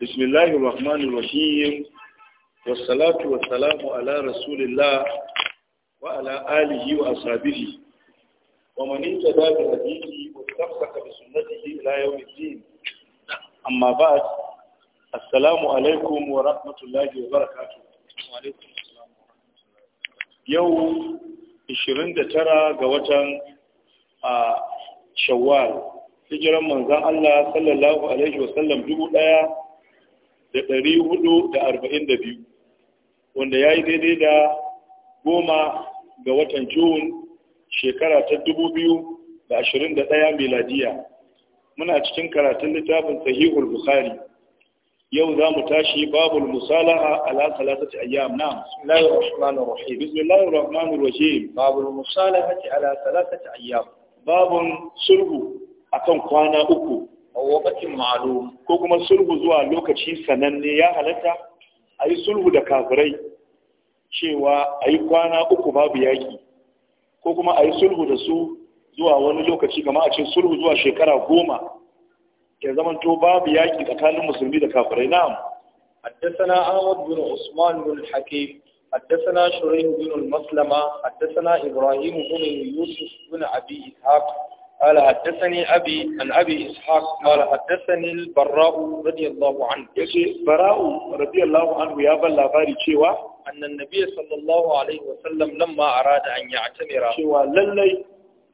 بسم الله الرحمن الرحيم والصلاة والسلام على رسول الله وعلى آله وأصحابه ومن اهتدى بهديه واستمسك بسنته إلى يوم الدين أما بعد السلام عليكم ورحمة الله وبركاته وعليكم السلام ورحمة الله يوم 29 ga watan shawwal hijiran الله صلى الله عليه وسلم dubu ɗaya da ɗari hudu da arba'in da biyu wanda ya yi daidai da goma ga watan Jun shekara ta dubu biyu da ashirin da ɗaya miladiya muna cikin karatun littafin sahihul bukhari yau za mu tashi babul musalaha ala salatati ayyam na bismillahir rahmanir rahim bismillahir rahmanir rahim babul musalahati ala salatati ayyam babun sulhu akan kwana uku A wakacin ma'adu ko kuma sulhu zuwa lokaci sananne ya halatta a yi sulhu da kafirai cewa a yi kwana uku babu yaki ko kuma a yi sulhu da su zuwa wani lokaci kama a ce sulhu zuwa shekara goma ya zama to babu yaki tsakanin musulmi da kafirai na'am حدثنا أحمد bin عثمان بن الحكيم حدثنا شريح بن المسلمة na ibrahim بن Yusuf bin abi إسحاق قال حدثني أبي عن أبي إسحاق قال حدثني البراء رضي الله عنه يشي براء رضي الله عنه يا بل لاباري شوى أن النبي صلى الله عليه وسلم لما أراد أن يعتمر شوى للي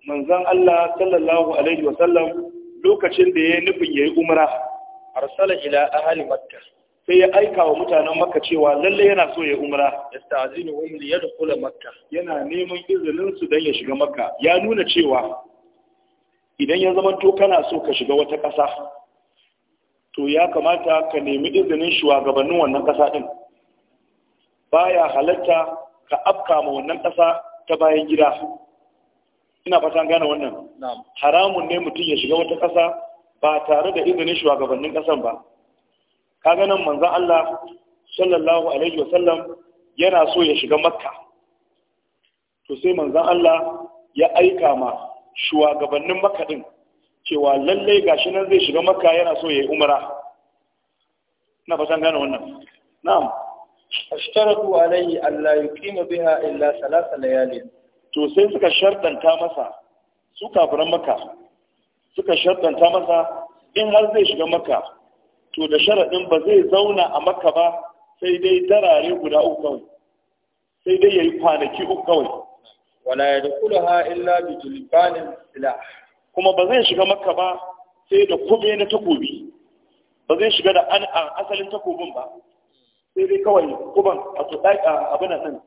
من ذن الله صلى الله عليه وسلم لوكا شندي نفن يي أمرا أرسل إلى أهل مكة sai ya aika wa mutanen Makka cewa lalle yana so ya umra yasta'zinuhum liyadkhula Makka yana neman izinin su dan ya shiga Makka ya nuna cewa idan ya zama to kana so ka shiga wata ƙasa to ya kamata ka nemi izinin shugabannin wannan ƙasa ɗin Ba ya halatta ka afka ma wannan ƙasa ta bayan gida ina fatan gane wannan haramun ne mutum ya shiga wata ƙasa ba tare da izinin shugabannin ƙasan ba ka ganin manzan Allah sallallahu alaihi wasallam yana so ya shiga makka to sai manzan Allah ya aika ma shugabannin makaɗin cewa lallai gashi nan zai shiga maka yana so ya yi umara na fatan gane wannan na'am ashtaratu alayhi alla yuqima biha illa salasa layalin to sai suka shartanta masa su kafiran maka suka shartanta masa in har zai shiga maka to da sharadin ba zai zauna a maka ba sai dai tarare guda uku kawai sai dai yayi kwanaki uku kawai wala yadkhulaha illa bi tulbanin silah kuma ba zai shiga makka ba sai da kube na takobi ba zai shiga da an asalin takobin ba sai dai kawai kuban a tudaka abin nan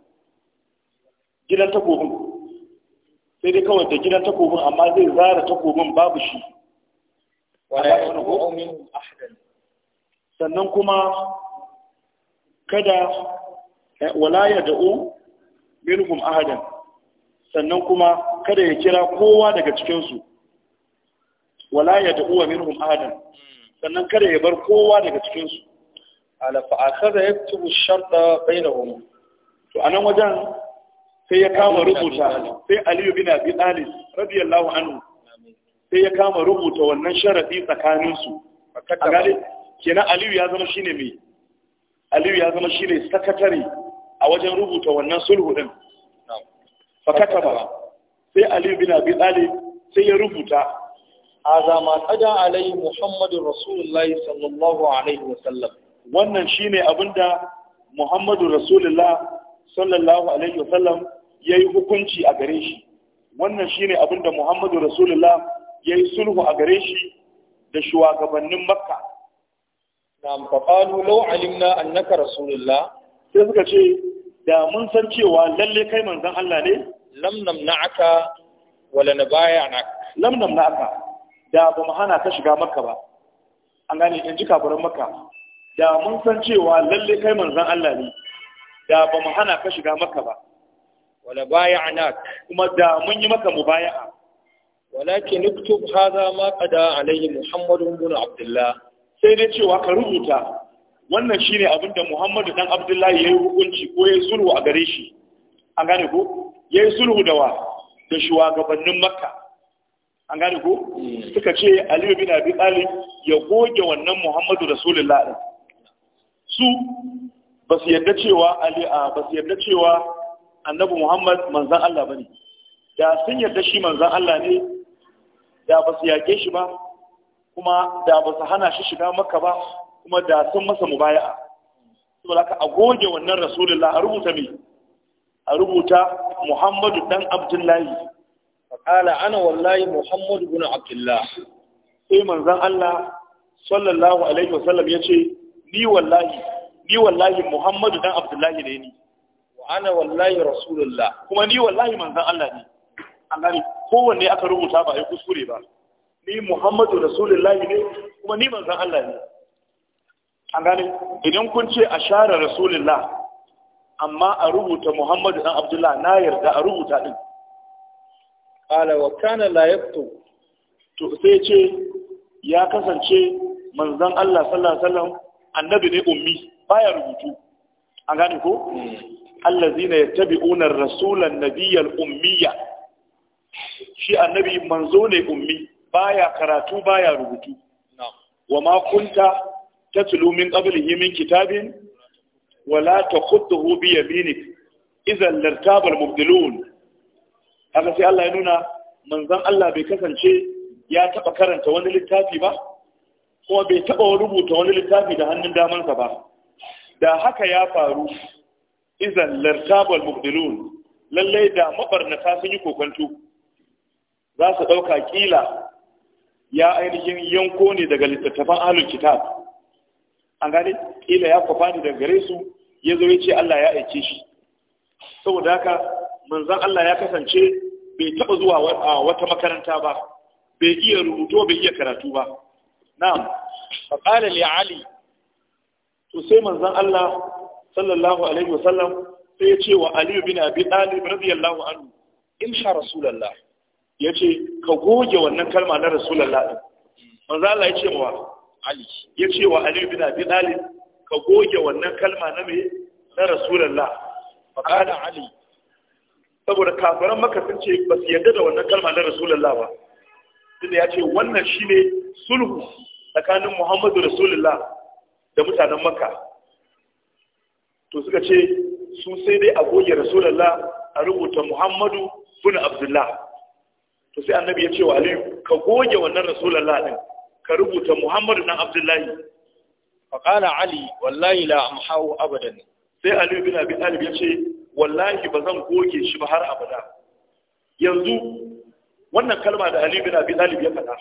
gidan takobin sai dai kawai da gidan takobin amma zai zara takobin babu shi wala yadkhulu min ahadan sannan kuma kada eh, wala yad'u minhum ahadan sannan kuma kada ya kira kowa daga cikinsu wala ya uwa minhum adam sannan kada ya bar kowa daga cikinsu ala fa akhadha yaktubu sharta bainahum to anan wajen sai ya kama rubuta sai Aliyu bin Abi Talib radiyallahu anhu sai ya kama rubuta wannan sharadi tsakaninsu kenan Aliyu ya zama shine mai Aliyu ya zama shine sakatare a wajen rubuta wannan sulhu din fakataba sai Aliyu bin abi talib sai ya rubuta azama qada alai muhammadur rasulullahi sallallahu alaihi wasallam wannan shine abinda muhammadu rasulullah sallallahu alaihi wasallam yayi hukunci a gare shi wannan shine abinda muhammadu rasulullah yayi sulhu a gare shi da shugabannin makka nam faqalu law alimna annaka rasulullah sai suka ce da mun san cewa lalle kai manzon Allah ne lam namna'aka wala nabaya'nak lam namna'aka da ba mu hana ka shiga makka ba an gane in ji kafiran makka da mun san cewa lalle kai manzon Allah ne da ba mu hana ka shiga makka ba wala baya'nak kuma da mun yi maka mubaya'a walakin uktub hadha ma qada alayhi muhammad ibn abdullah sai dai cewa ka rubuta wannan shine abin da muhammad dan abdullahi yayi hukunci ko ya sulhu a gare shi an gane ko ya yi sulhu da wa da shugabannin makka an gane ko mm. suka ce aliyu bin abi talib ya goge wannan muhammadu rasulullah din su ba su yarda cewa ali a ba su yarda cewa annabi muhammad manzan allah bane da sun yarda shi manzan allah ne da ba su yake shi ba kuma da ba su hana shi shiga makka ba kuma da sun masa mubaya'a saboda haka a goge wannan rasulullah a rubuta me a rubuta muhammadu dan abdullahi faƙala ana wallahi muhammadu bin abdullah sai manzon allah sallallahu alaihi wasallam ya ce ni wallahi muhammadu dan abdullahi ne ni wa wallahi rasulullah kuma ni wallahi manzon allah ne kowanne aka rubuta ba a yi kuskure ba ni muhammadu rasulullahi ne kuma ni manzon allah ne an gane idan kun ce a share rasulullah amma a rubuta muhammadu dan abdullah na yarda a rubuta din qala wa kana la to sai ce ya kasance manzon Allah sallallahu alaihi wasallam annabi ne ummi baya rubutu an gane ko hmm. allazina yattabi'una ar-rasula an-nabiyyal ummiya shi annabi manzo ne ummi baya karatu baya rubutu wa ma kunta tatlu min qablihi min kitabin wala ta takhudduhu bi yaminik idan lartabal mubdilun haka sai Allah ya nuna manzon Allah bai kasance ya taba karanta wani littafi ba kuma bai taɓa rubuta wani littafi da hannun damansa ba da haka ya faru izan lartabal mubdilun lallai da mabarnata sun yi kokonto za su ɗauka ƙila ya ainihin yanko ne daga littattafan ahlul kitab an gane kila ya kwafa ne daga gare su ya zo ya ce Allah ya aike shi saboda haka manzon Allah ya kasance bai taɓa zuwa wata makaranta ba bai iya rubuto bai iya karatu ba na'am faqala li ali to sai manzon Allah sallallahu alaihi wasallam sai ya ce wa Ali bin Abi Talib radiyallahu anhu in sha rasulullah yace ka goge wannan kalma na rasulullah manzon Allah ya ce wa Ali ya ce wa Ali bin Abi Talib ka goge wannan kalma na me na rasulullah faqala ali saboda kafiran maka sun ce ba su yarda da wannan kalma na rasulullah ba tunda ya ce wannan shine sulhu tsakanin muhammadu rasulullah da mutanen maka to suka ce su sai dai a goge rasulullah a rubuta muhammadu bin abdullah to sai annabi ya ce wa aliyu ka goge wannan rasulullah din ka rubuta muhammadu dan abdullahi فقال علي والله لا أمحاه أبدا sai Ali bin Abi Talib ya ce wallahi ba zan goge shi ba har abada yanzu wannan kalma da Ali bin Abi Talib ya faɗa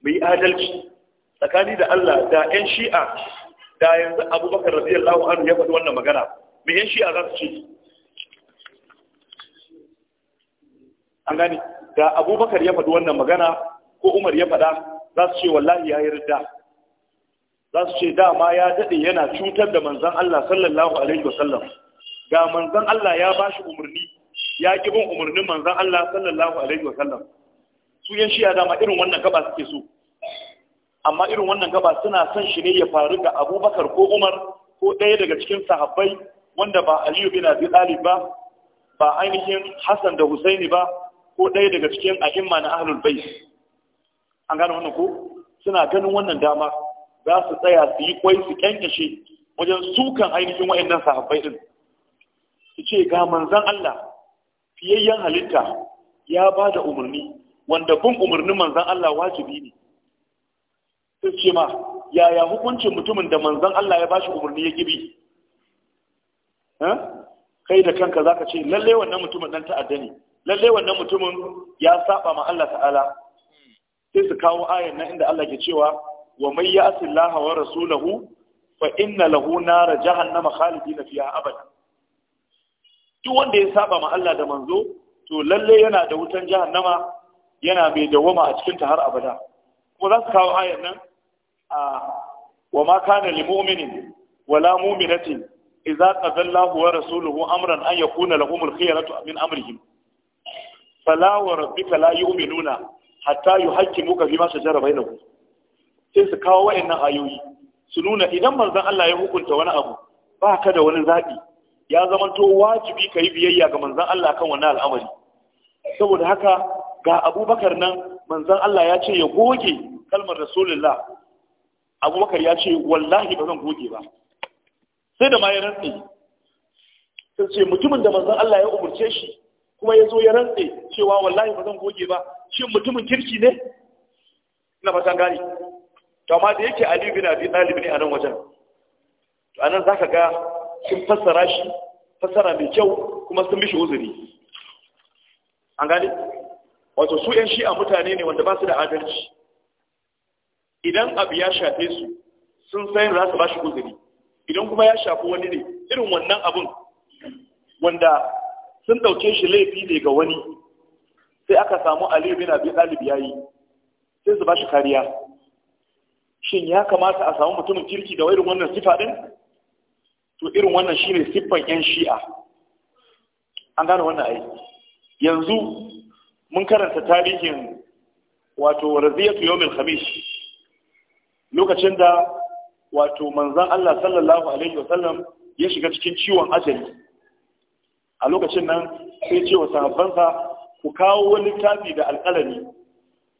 mai adalci tsakani da Allah da ƴan Shi'a da yanzu Abubakar radiyallahu anhu ya faɗi wannan magana mai ƴan Shi'a za su ce an gani da Abubakar ya faɗi wannan magana ko Umar ya faɗa za su ce wallahi ya yi ridda za su ce dama ya daɗe yana cutar da manzan Allah sallallahu alaihi wasallam ga manzan Allah ya ba shi umarni ya ƙi bin umarnin manzan Allah sallallahu alaihi wasallam su yan shiya dama irin wannan gaba suke so amma irin wannan gaba suna son shi ne ya faru ga abubakar ko umar ko ɗaya daga cikin sahabbai wanda ba aliyu bin abi talib ba ba ainihin hassan da husaini ba ko ɗaya daga cikin a'imma na ahlul bai an gane wannan ko suna ganin wannan dama za su tsaya su yi kwai su kyankyashe wajen sukan ainihin wa'annan sahabbai din su ce ga manzon Allah fiyayyen halitta ya ba da umarni wanda bin umarnin manzon Allah wajibi ne su ce ma yaya hukuncin mutumin da manzon Allah ya ba shi umarni ya gibi kai da kanka zaka ce lalle wannan mutumin dan ta'adda ne lalle wannan mutumin ya saba ma Allah ta'ala sai su kawo ayan nan inda Allah ke cewa wa mai ya asin wa rasulahu fa inna lahu nara jahannama abada duk wanda ya saba ma Allah da manzo to lalle yana da wutan jahannama yana mai dawama a cikin ta har abada kuma za su kawo ayan nan a wa ma kana lil mu'minin wala mu'minatin idza qadallahu wa rasuluhu amran an yakuna lahumul khiyaratu min amrihim fala wa rabbika la yu'minuna hatta yuhaqqimuka fima shajara bainahum sai su kawo wayannan ayoyi su nuna idan manzan Allah ya hukunta wani abu ba ka da wani zaɓi ya to wajibi ka yi biyayya ga manzan Allah kan wani al'amari saboda haka ga abubakar nan manzan Allah ya ce ya goge kalmar rasulullah abubakar ya ce wallahi ba zan goge ba sai da ma ya rantse sai ce mutumin da manzan Allah ya umurce shi kuma ya zo ya rantse cewa wallahi ba zan goge ba shin mutumin kirki ne ina fatan gane to amma da yake ali bin abi talib ne a nan wajen to anan zaka ga sun fassara shi fassara mai kyau kuma sun mishi uzuri an gane wato su yan shi'a mutane ne wanda ba su da adalci idan abu ya shafe su sun san za su ba shi uzuri idan kuma ya shafi wani ne irin wannan abun wanda sun dauke shi laifi ne ga wani sai aka samu ali bin abi talib yayi sai su ba shi kariya shin ya kamata a samu mutumin kirki da irin wannan sifa din to irin wannan shine siffan yan shi'a an gane wannan ai yanzu mun karanta tarihin wato raziyatu yawmil khamis lokacin da wato manzon Allah sallallahu alaihi wasallam ya shiga cikin ciwon ajali a lokacin nan sai ce wa sahabbansa ku kawo wani tasi da alƙalami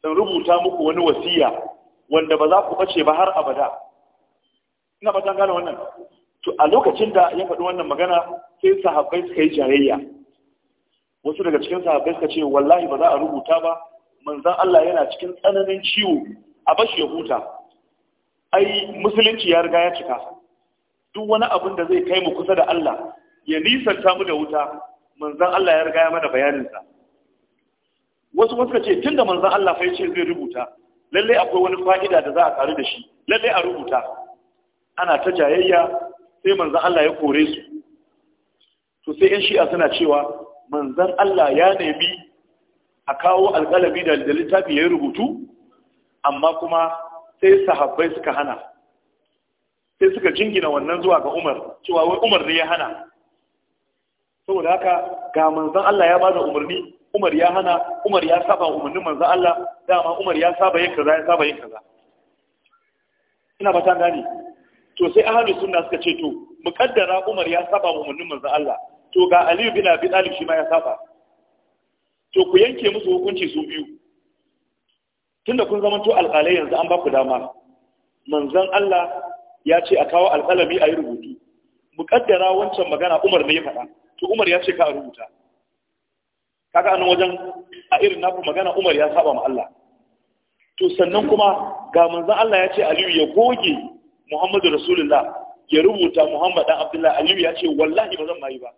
in rubuta muku wani wasiya wanda ba za ku bace ba har abada ina ba gane wannan to a lokacin da ya faɗi wannan magana sai sahabbai suka yi jayayya wasu daga cikin sahabbai suka ce wallahi ba za a rubuta ba manzon Allah yana cikin tsananin ciwo a bashi ya huta ai musulunci ya riga ya cika duk wani abin da zai kai mu kusa da Allah ya nisanta mu da wuta manzon Allah ya riga ya mana bayaninsa wasu wasu ka ce tunda manzon Allah fa ce zai rubuta Lallai akwai wani fa'ida da za a karu da shi Lallai a rubuta ana ta jayayya sai manzan Allah ya kore su to sai yan shi'a suna cewa manzan Allah ya nemi a kawo alƙalami da littafi ya rubutu amma kuma sai sahabbai suka hana sai suka jingina wannan zuwa ga Umar cewa wai Umar ne ya hana saboda haka ga manzan Allah ya bada umarni Umar ya hana Umar ya saba umarnin manzo Allah dama Umar ya saba yin kaza ya saba yin kaza ina ba ta gane to sai ahlus sunna suka ce to mukaddara Umar ya saba umarnin manzo Allah to ga Aliyu bin Abi Talib shi ma ya saba to ku yanke musu hukunci su biyu tunda kun zama to alƙalai yanzu an ba ku dama manzon Allah ya ce a kawo alƙalami a yi rubutu mukaddara wancan magana Umar ne ya faɗa to Umar ya ce ka rubuta kaga anan wajen a irin nafi magana Umar ya saba ma Allah to sannan kuma ga manzon Allah ya ce Aliyu ya goge Muhammadu Rasulullah ya rubuta Muhammad dan Abdullah Aliyu ya ce wallahi ba zan mai ba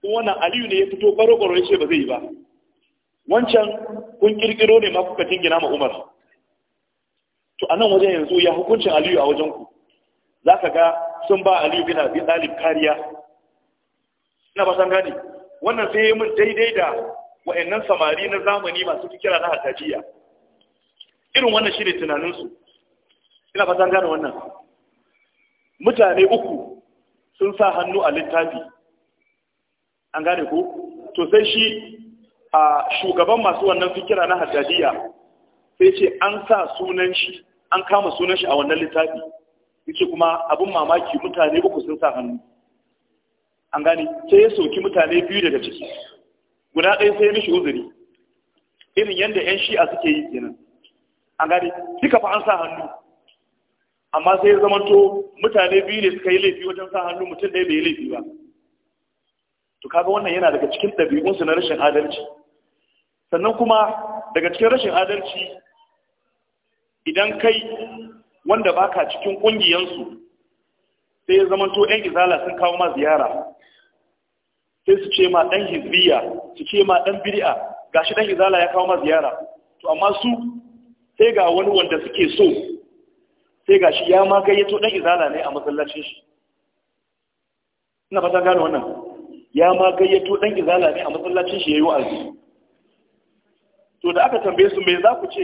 kun wannan Aliyu ne ya fito baro-baro ya ce ba zai yi ba wancan kun kirkiro ne ma kuka jingina ma Umar to anan wajen yanzu ya hukuncin Aliyu a wajen ku zaka ga sun ba Aliyu bin Abi Talib kariya ina ba san gane wannan sai ya mun daidai da wa'annan samari na zamani masu fikira na hatajiya irin wannan shi ne tunaninsu ina fatan gane wannan mutane uku sun sa hannu a littafi an gane ko to sai shi a shugaban masu wannan fikira na hatajiya sai ce an sa sunan shi an kama sunan shi a wannan littafi yake kuma abin mamaki mutane uku sun sa hannu an gani sai ya soki mutane biyu daga ciki guda ɗaya sai mishi uzuri irin yadda 'yan shi'a suke yi kenan an gani duka fa sa hannu amma sai ya zamanto mutane biyu ne suka yi laifi wajen sa hannu mutum ɗaya bai yi laifi ba to kaga wannan yana daga cikin ɗabi'unsu na rashin adalci sannan kuma daga cikin rashin adalci idan kai wanda baka cikin ƙungiyansu sai ya zamanto 'yan izala sun kawo ma ziyara sai su ce ma ɗan hizbiya su ce ma biri'a ga gashi ɗan izala ya kawo ma ziyara to amma su sai ga wani wanda suke so sai gashi ya ma gayyato ɗan izala ne a masallacin shi ina fata gane wannan ya ma gayyato ɗan izala ne a masallacin shi ya wa wa'azi to da aka tambaye su me za ku ce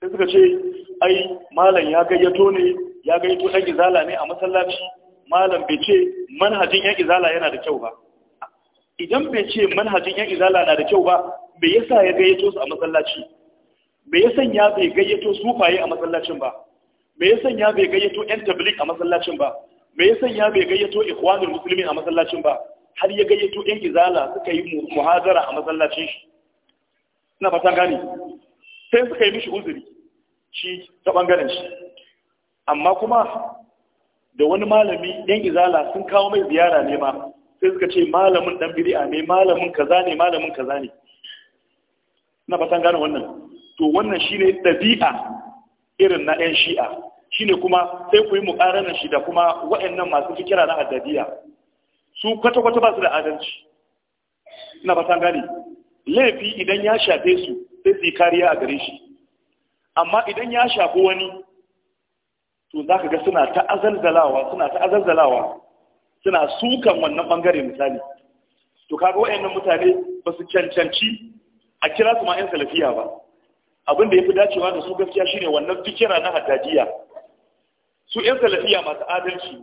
sai suka ce ai malam ya gayyato ne ya gayyato ɗan izala ne a masallaci malam bai ce manhajin yan izala yana da kyau ba idan bai ce manhajin yan izala na da kyau ba bai yasa ya gayyato su a masallaci bai ya sanya bai gayyato sufaye a masallacin ba bai ya sanya bai gayyato yan tabligh a masallacin ba bai ya sanya bai gayyato ikhwanul muslimin a masallacin ba har ya gayyato yan izala suka yi muhadara a masallacin shi ina fatan gani. sai suka yi mishi uzuri shi ta bangaren shi amma kuma da wani malami yan izala sun kawo mai ziyara ne ma sai suka ce malamin dan bid'a ne malamin kaza ne malamin kaza ne na san gane wannan to wannan shine dabi'a irin na yan shi'a shine kuma sai ku yi muƙaranar shi da kuma nan masu fikira na addadiya su kwata-kwata ba su da adalci ina san gane laifi idan ya shafe su sai su yi kariya a gare shi amma idan ya shafi wani to za ka ga suna ta azalzalawa suna ta azalzalawa suna sukan wannan bangare misali to kaga wayannan mutane ba su cancanci a kira su ma yan salafiya ba abin da ya fi dacewa da su gaskiya shine wannan fikira na haddajiya su yan salafiya masu adalci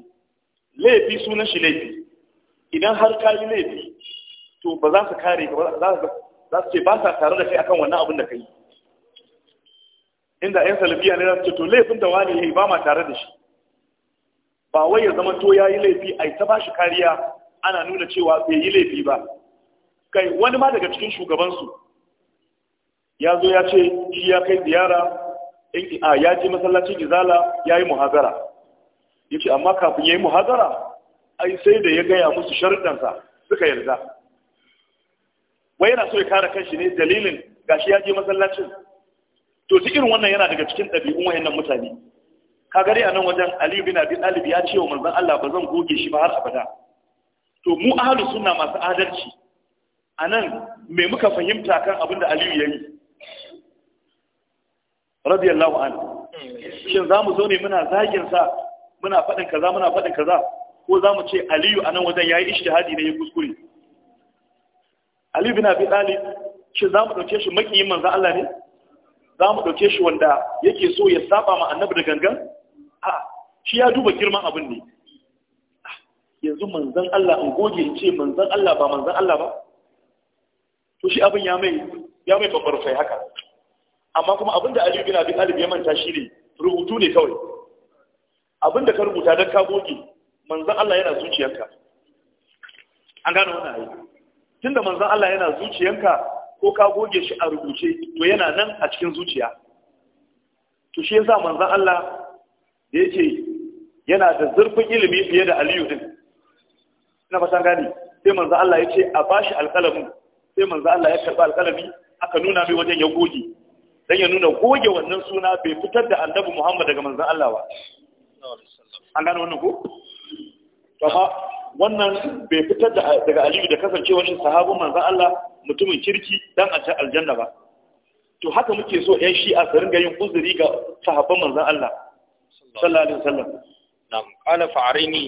laifi sunan shi laifi idan har ka yi laifi to ba za su kare ka za su ce ba sa tare da kai akan wannan abin da ka yi inda yan salafiya ne za su to laifin da wani ya yi ba ma tare da shi ba wai ya zama to yi laifi a ta bashi kariya ana nuna cewa bai yi laifi ba kai wani ma daga cikin shugabansu ya zo ya ce shi ya kai ziyara a ya je masallacin izala ya yi muhazara ya ce amma kafin ya yi muhazara ai sai da ya gaya musu sharuɗansa suka yarda wai yana so ya kare kanshi ne dalilin gashi ya je masallacin to duk irin wannan yana daga cikin ɗabi'un wayannan mutane ka gare a nan wajen Ali bin Abi Talib ya ce wa manzon Allah ba zan goge shi ba har abada to mu ahlu sunna masu adalci anan me muka fahimta kan abin da Aliyu yayi radiyallahu an, shin zamu zo ne muna zagin sa muna faɗin kaza muna faɗin kaza ko zamu ce Aliyu anan wajen yayi ijtihadi ne ya kuskure Ali bin Abi Talib shin zamu dauke shi makiyin manzon Allah ne za mu ɗauke shi wanda yake so ya saba ma annabi da gangan a shi ya duba girman abin ne yanzu manzan Allah in goge in ce manzan Allah ba manzan Allah ba to shi abin ya mai babbar fai haka amma kuma abin da Aliyu bin Abi Talib ya manta shi ne rubutu ne kawai abin da ka rubuta don ka goge manzan Allah yana zuciyarka an gano wannan ayi tunda manzan Allah yana zuciyarka ko ka goge shi a rubuce to yana nan a cikin zuciya to shi yasa manzon Allah da yake yana da zurfin ilimi fiye da Aliyu din ina fatan gani sai manzon Allah ya ce a bashi alƙalamin sai manzon Allah ya karba alƙalami aka nuna mai wajen ya goge dan ya nuna goge wannan suna bai fitar da Annabi Muhammad daga manzon Allah ba an gano wannan ko to wannan bai fitar daga aliyu da kasancewar shi sahabin manzan Allah mutumin kirki dan a aljanna ba to haka muke so yan shi a sarin gayin uzuri ga sahabban manzan Allah sallallahu alaihi wasallam nam qala fa'arini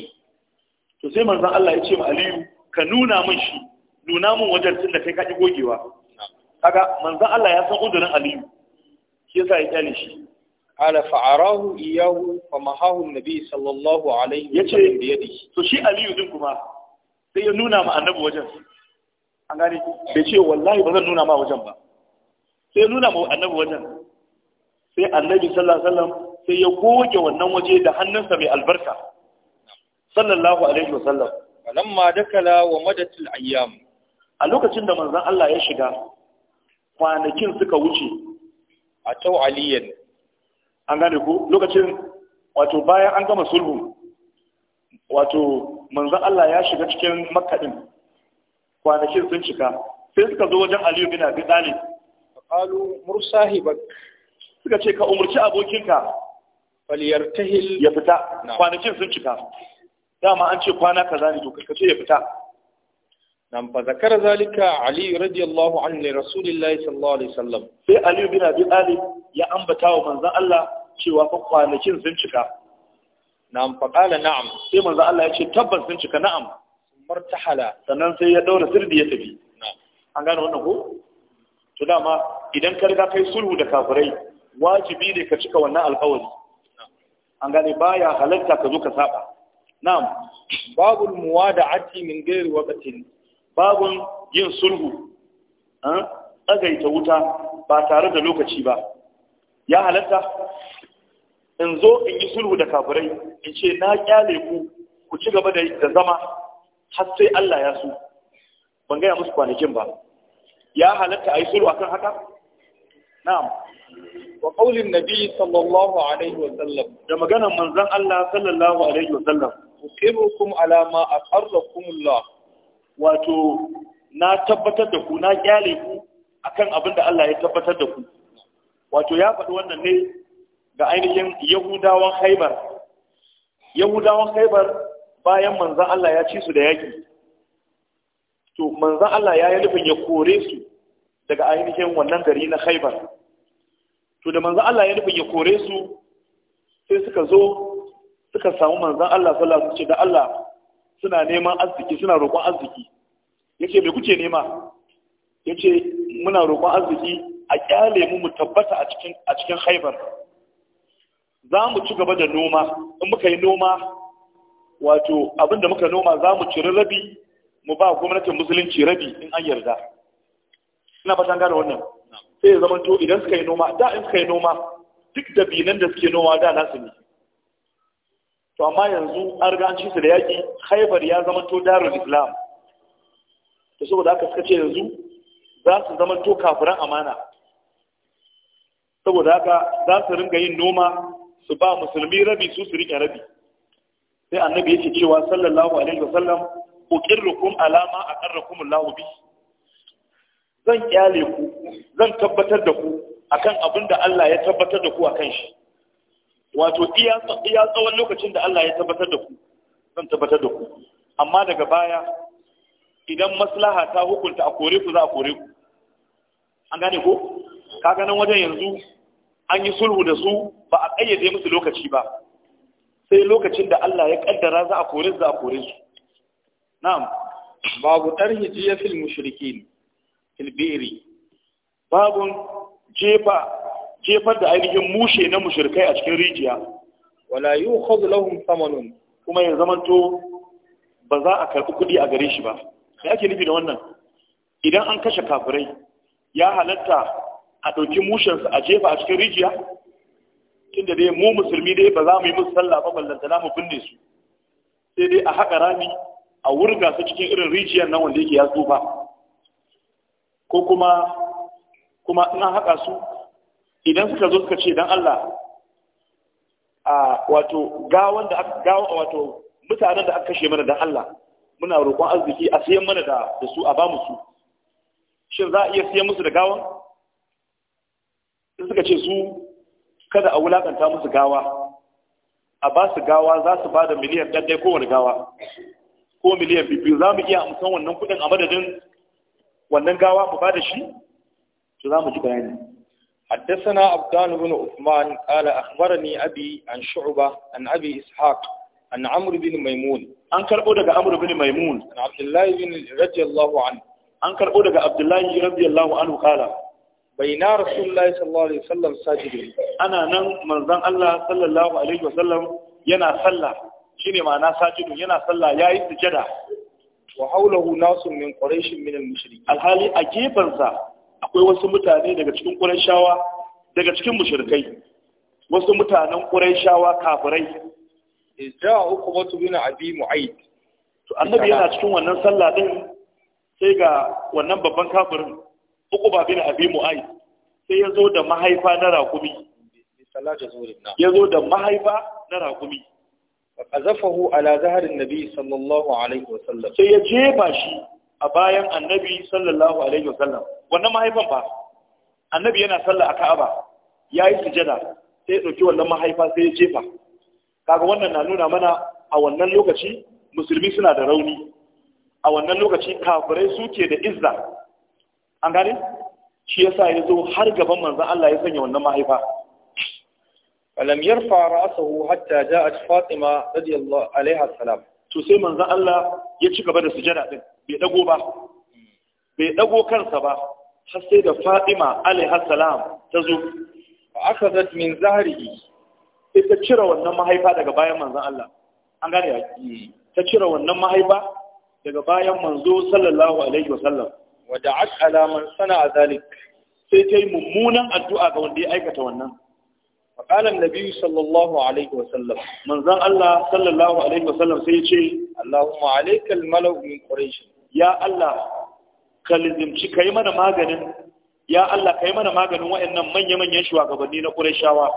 to sai manzan Allah ya ce ma aliyu ka nuna min shi nuna min wajen tun da kai ka gogewa kaga manzan Allah ya san uzurin aliyu shi yasa ya kyale shi ala fa'arahu iyahu fa mahahu nabi sallallahu alaihi wa sallam bi yadihi to shi aliyu din kuma sai ya nuna ma annabi wajen an gane bai ce wallahi ba zan nuna ma wajen ba sai ya nuna ma annabi wajen sai annabi sallallahu alaihi wasallam sai ya goge wannan waje da hannunsa mai albarka sallallahu alaihi wa sallam falamma dakala wa madatil ayyam a lokacin da manzon Allah ya shiga kwanakin suka wuce a tau aliyan an gane ku lokacin wato bayan an gama sulhu wato manzan Allah ya shiga cikin makaɗin kwanakin sun cika sai suka zo wajen aliyu bin abi talib qalu ba. suka ce ka umurci abokinka falyartahil ya fita kwanakin sun cika dama an ce kwana kaza ne to ce ya fita nan fa zakara zalika ali radiyallahu anhu li rasulillahi sallallahu alaihi wasallam sai ali bin abi talib ya ambata wa manzon Allah cewa fa kwanakin sun cika nan fa qala na'am sai manzon Allah ya ce tabbas sun cika na'am martahala sannan sai ya daura sirdi ya tafi an gane wannan ko to dama idan ka riga kai sulhu da kafirai wajibi ne ka cika wannan alƙawari an gane baya halatta ka zo ka saba na'am babul muwada'ati min ghairi waqtin babun yin sulhu an tsagaita wuta ba tare da lokaci ba ya halatta in zo in yi sulhu da kafirai in ce na kyale ku ku ci gaba da zama har sai Allah ya so ban gaya musu kwanakin ba ya halatta a yi sulhu akan haka na'am wa qaulin nabi sallallahu alaihi wa sallam da maganar manzon Allah sallallahu alaihi wa sallam Ku kibukum ala ma aqarrakum Allah wato na tabbatar da ku na kyale ku akan abin da Allah ya tabbatar da ku wato ya faɗi wannan ne ga ainihin yahudawan haibar yahudawan haibar bayan manzan Allah ya ci su da yaƙi to manzan Allah ya yi nufin ya kore su daga ainihin wannan gari na haibar to da manzan Allah ya nufin ya kore su sai suka zo suka samu manzan Allah sallallahu alaihi da Allah suna neman arziki suna roƙon arziki yace me kuke nema yace muna roƙon arziki a kyale mu mu tabbata a cikin a cikin Khaibar za mu ci gaba da noma in muka yi noma wato abinda muka noma za mu ciri rabi mu ba gwamnatin musulunci rabi in an yarda ina fatan gane wannan sai ya zama to idan suka yi noma da in suka yi noma duk da binan da suke noma da nasu ne to amma yanzu an riga an ci su da yaki haifar ya zama to darul islam da saboda haka suka ce yanzu za su zama to kafiran amana saboda haka za su ringa yin noma su ba musulmi rabi su su rike rabi sai annabi yake cewa sallallahu alaihi wasallam uqirrukum ala ma aqarrakum Allahu bi zan kyale ku zan tabbatar da ku akan abin da Allah ya tabbatar da ku akan shi wato iya tsawon lokacin da Allah ya tabbatar da ku zan tabbatar da ku amma daga baya idan maslaha ta hukunta a kore ku za a kore ku an gane ko Ka ganin wajen yanzu an yi sulhu da su ba a ƙayyade musu lokaci ba sai lokacin da Allah ya kaddara za a kore su za a kore su na'am babu tarhi jiya fil mushrikin fil bi'ri babun jefa jefar da ainihin mushe na mushirkai a cikin rijiya wala yukhadhu lahum thamanun kuma ya zamanto ba za a karɓi kuɗi a gare shi ba sai ake nufi da wannan idan an kashe kafirai ya halatta a ɗauki mushensa a jefa a cikin rijiya tunda dai mu musulmi dai ba za mu yi musu sallah ba ballantana mu binne su sai dai a haka rami a wurga su cikin irin rijiyar nan wanda yake ya tsufa ko kuma kuma in an haƙa su idan suka zo suka ce dan Allah a wato gawan da aka gawa wato mutanen da aka kashe mana dan Allah muna roƙon arziki a siyan mana da da su a ba mu su shin za a iya siyan musu da gawan suka ce su kada a wulakanta musu gawa a ba su gawa za su ba da miliyan ɗaɗɗai kowane gawa ko miliyan biyu za mu iya amsan wannan kuɗin a madadin wannan gawa mu ba da shi to za mu ji bayani حدثنا عبدان بن عثمان قال أخبرني أبي عن شعبة عن أبي إسحاق عن عمرو بن ميمون أن كربو دغ عمرو بن ميمون عن عبد الله بن رضي الله عنه أن كربو دغ عبد الله رضي الله عنه قال بين رسول الله صلى الله عليه وسلم ساجد أنا نم منزان الله صلى الله عليه وسلم ينا صلى شيني معنا ساجد ينا صلى يا سجدة وحوله ناس من قريش من المشركين الحالي أجيبنسا akwai wasu mutane daga cikin shawa daga cikin mushirkai wasu mutanen shawa kafirai uku wasu bin abi mu'ayd to annabi yana cikin wannan sallah din sai ga wannan babban kafirin Uku ba bin abi mu'ayd sai ya zo da mahaifa na rakumi ya zo da mahaifa na rakumi Azafahu على ظهر nabi, sallallahu alaihi عليه وسلم sai ya jefa shi a bayan annabi sallallahu alaihi wasallam wannan mahaifan fa annabi yana sallah a ka'aba ya yi sujada sai ya ɗauki wannan mahaifa sai ya jefa kaga wannan na nuna mana a wannan lokaci musulmi suna da rauni a wannan lokaci kafirai suke da izza an gane shi yasa ya zo har gaban manzon Allah ya sanya wannan mahaifa alam yarfa ra'sahu hatta ja'at fatima radiyallahu alaiha salam to sai manzon Allah ya ci gaba da sujada din bai dago ba bai dago kansa ba har sai da Fatima alaiha ta zo fa akhadhat min zahrihi sai ta cire wannan mahaifa daga bayan manzan Allah an gane ya ta cire wannan mahaifa daga bayan manzo sallallahu alaihi wasallam wada'at ala man sana'a zalik sai ta yi mummunan addu'a ga wanda ya aikata wannan فقال النبي صلى الله عليه وسلم من ذن الله صلى الله عليه وسلم سيجي اللهم عليك الملأ من قريش Ya Allah. ka lizimci ka yi mana maganin ya Allah ka yi mana maganin waɗannan manya-manyan shugabanni na Qurayshawa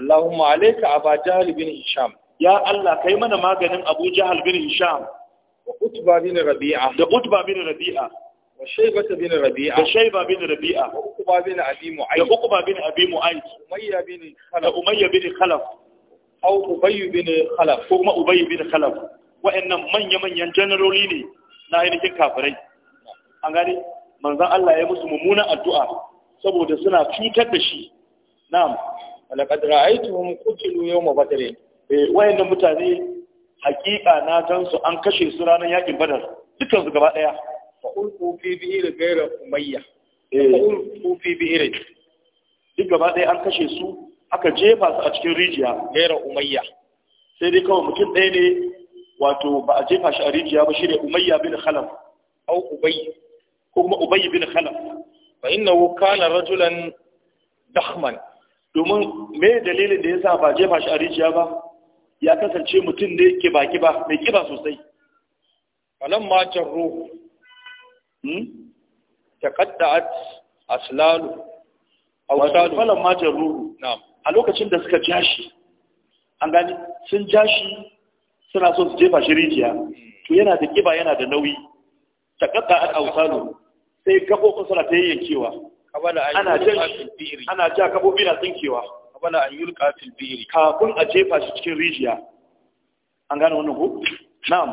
Allahumma alayka Aba Jahl bin Hisham ya Allah ka yi mana maganin Abu Jahl bin Hisham Rabi'a da Utba bin Rabi'a wa Shayba bin Rabi'a da Shayba bin Rabi'a wa Uqba bin Abi Mu'ayth da Uqba bin Abi Mu'ayth Umayya bin Khalaf da Umayya bin Khalaf aw Ubay bin kuma manya janaroli ne na ainihin kafirai an gani manzan Allah ya musu mummunan addu'a saboda suna cutar da shi na'am walaqad ra'aytuhum ma yawma badr eh wayannan mutane hakika na gansu an kashe su ranar yakin badar dukkan gaba ɗaya fa ulqu fi da gairar umayya fa eh. ulqu fi bi'ir duk gaba ɗaya an kashe su aka jefa su a cikin rijiya gairar umayya sai dai kawai mutum ɗaya ne wato ba a jefa shi a rijiya ba shi ne umayya bin khalaf au ubay kuma ubayy bin khalaf fa innahu kana rajulan Dakhman. domin me dalilin da yasa ba jefa shi a rijiya ba ya kasance mutum ne yake baki ba mai kiba sosai falan ma jarro hmm taqadda'at aslalu aw aslalu falan ma jarro na'am a lokacin da suka jashi an gani sun jashi suna so su jefa shi rijiya hmm. to yana da kiba yana da nauyi taqadda'at awsalu sai gabobin suna ta yayyankewa ana jan ana ja gabobi na tsinkewa qabala an yulqa fil bi'r kafin a jefa shi cikin rijiya an gane wannan ko na'am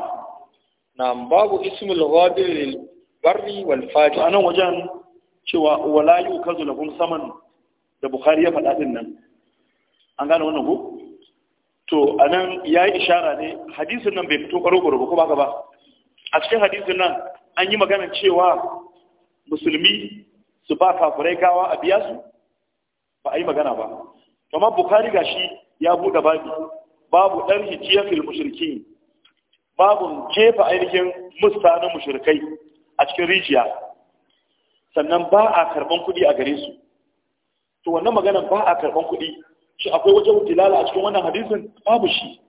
na'am babu ismul ghadir barri wal fajr anan wajen cewa wala yukazu lahum saman da bukhari ya faɗa din nan an gane wannan ko to anan yayi ishara ne hadisin nan bai fito karo karo ba ko baka ba a cikin hadisin nan an yi magana cewa musulmi su ba kafurai gawa a biya su ba a yi magana ba amma bukari gashi ya buɗe babu babu ɗan hijiyar fil mushriki babu jefa ainihin musta na mushrikai a cikin rijiya sannan ba a karɓan kuɗi a gare su to wannan magana ba a karɓan kuɗi shi akwai wajen dilala a cikin wannan hadisin babu shi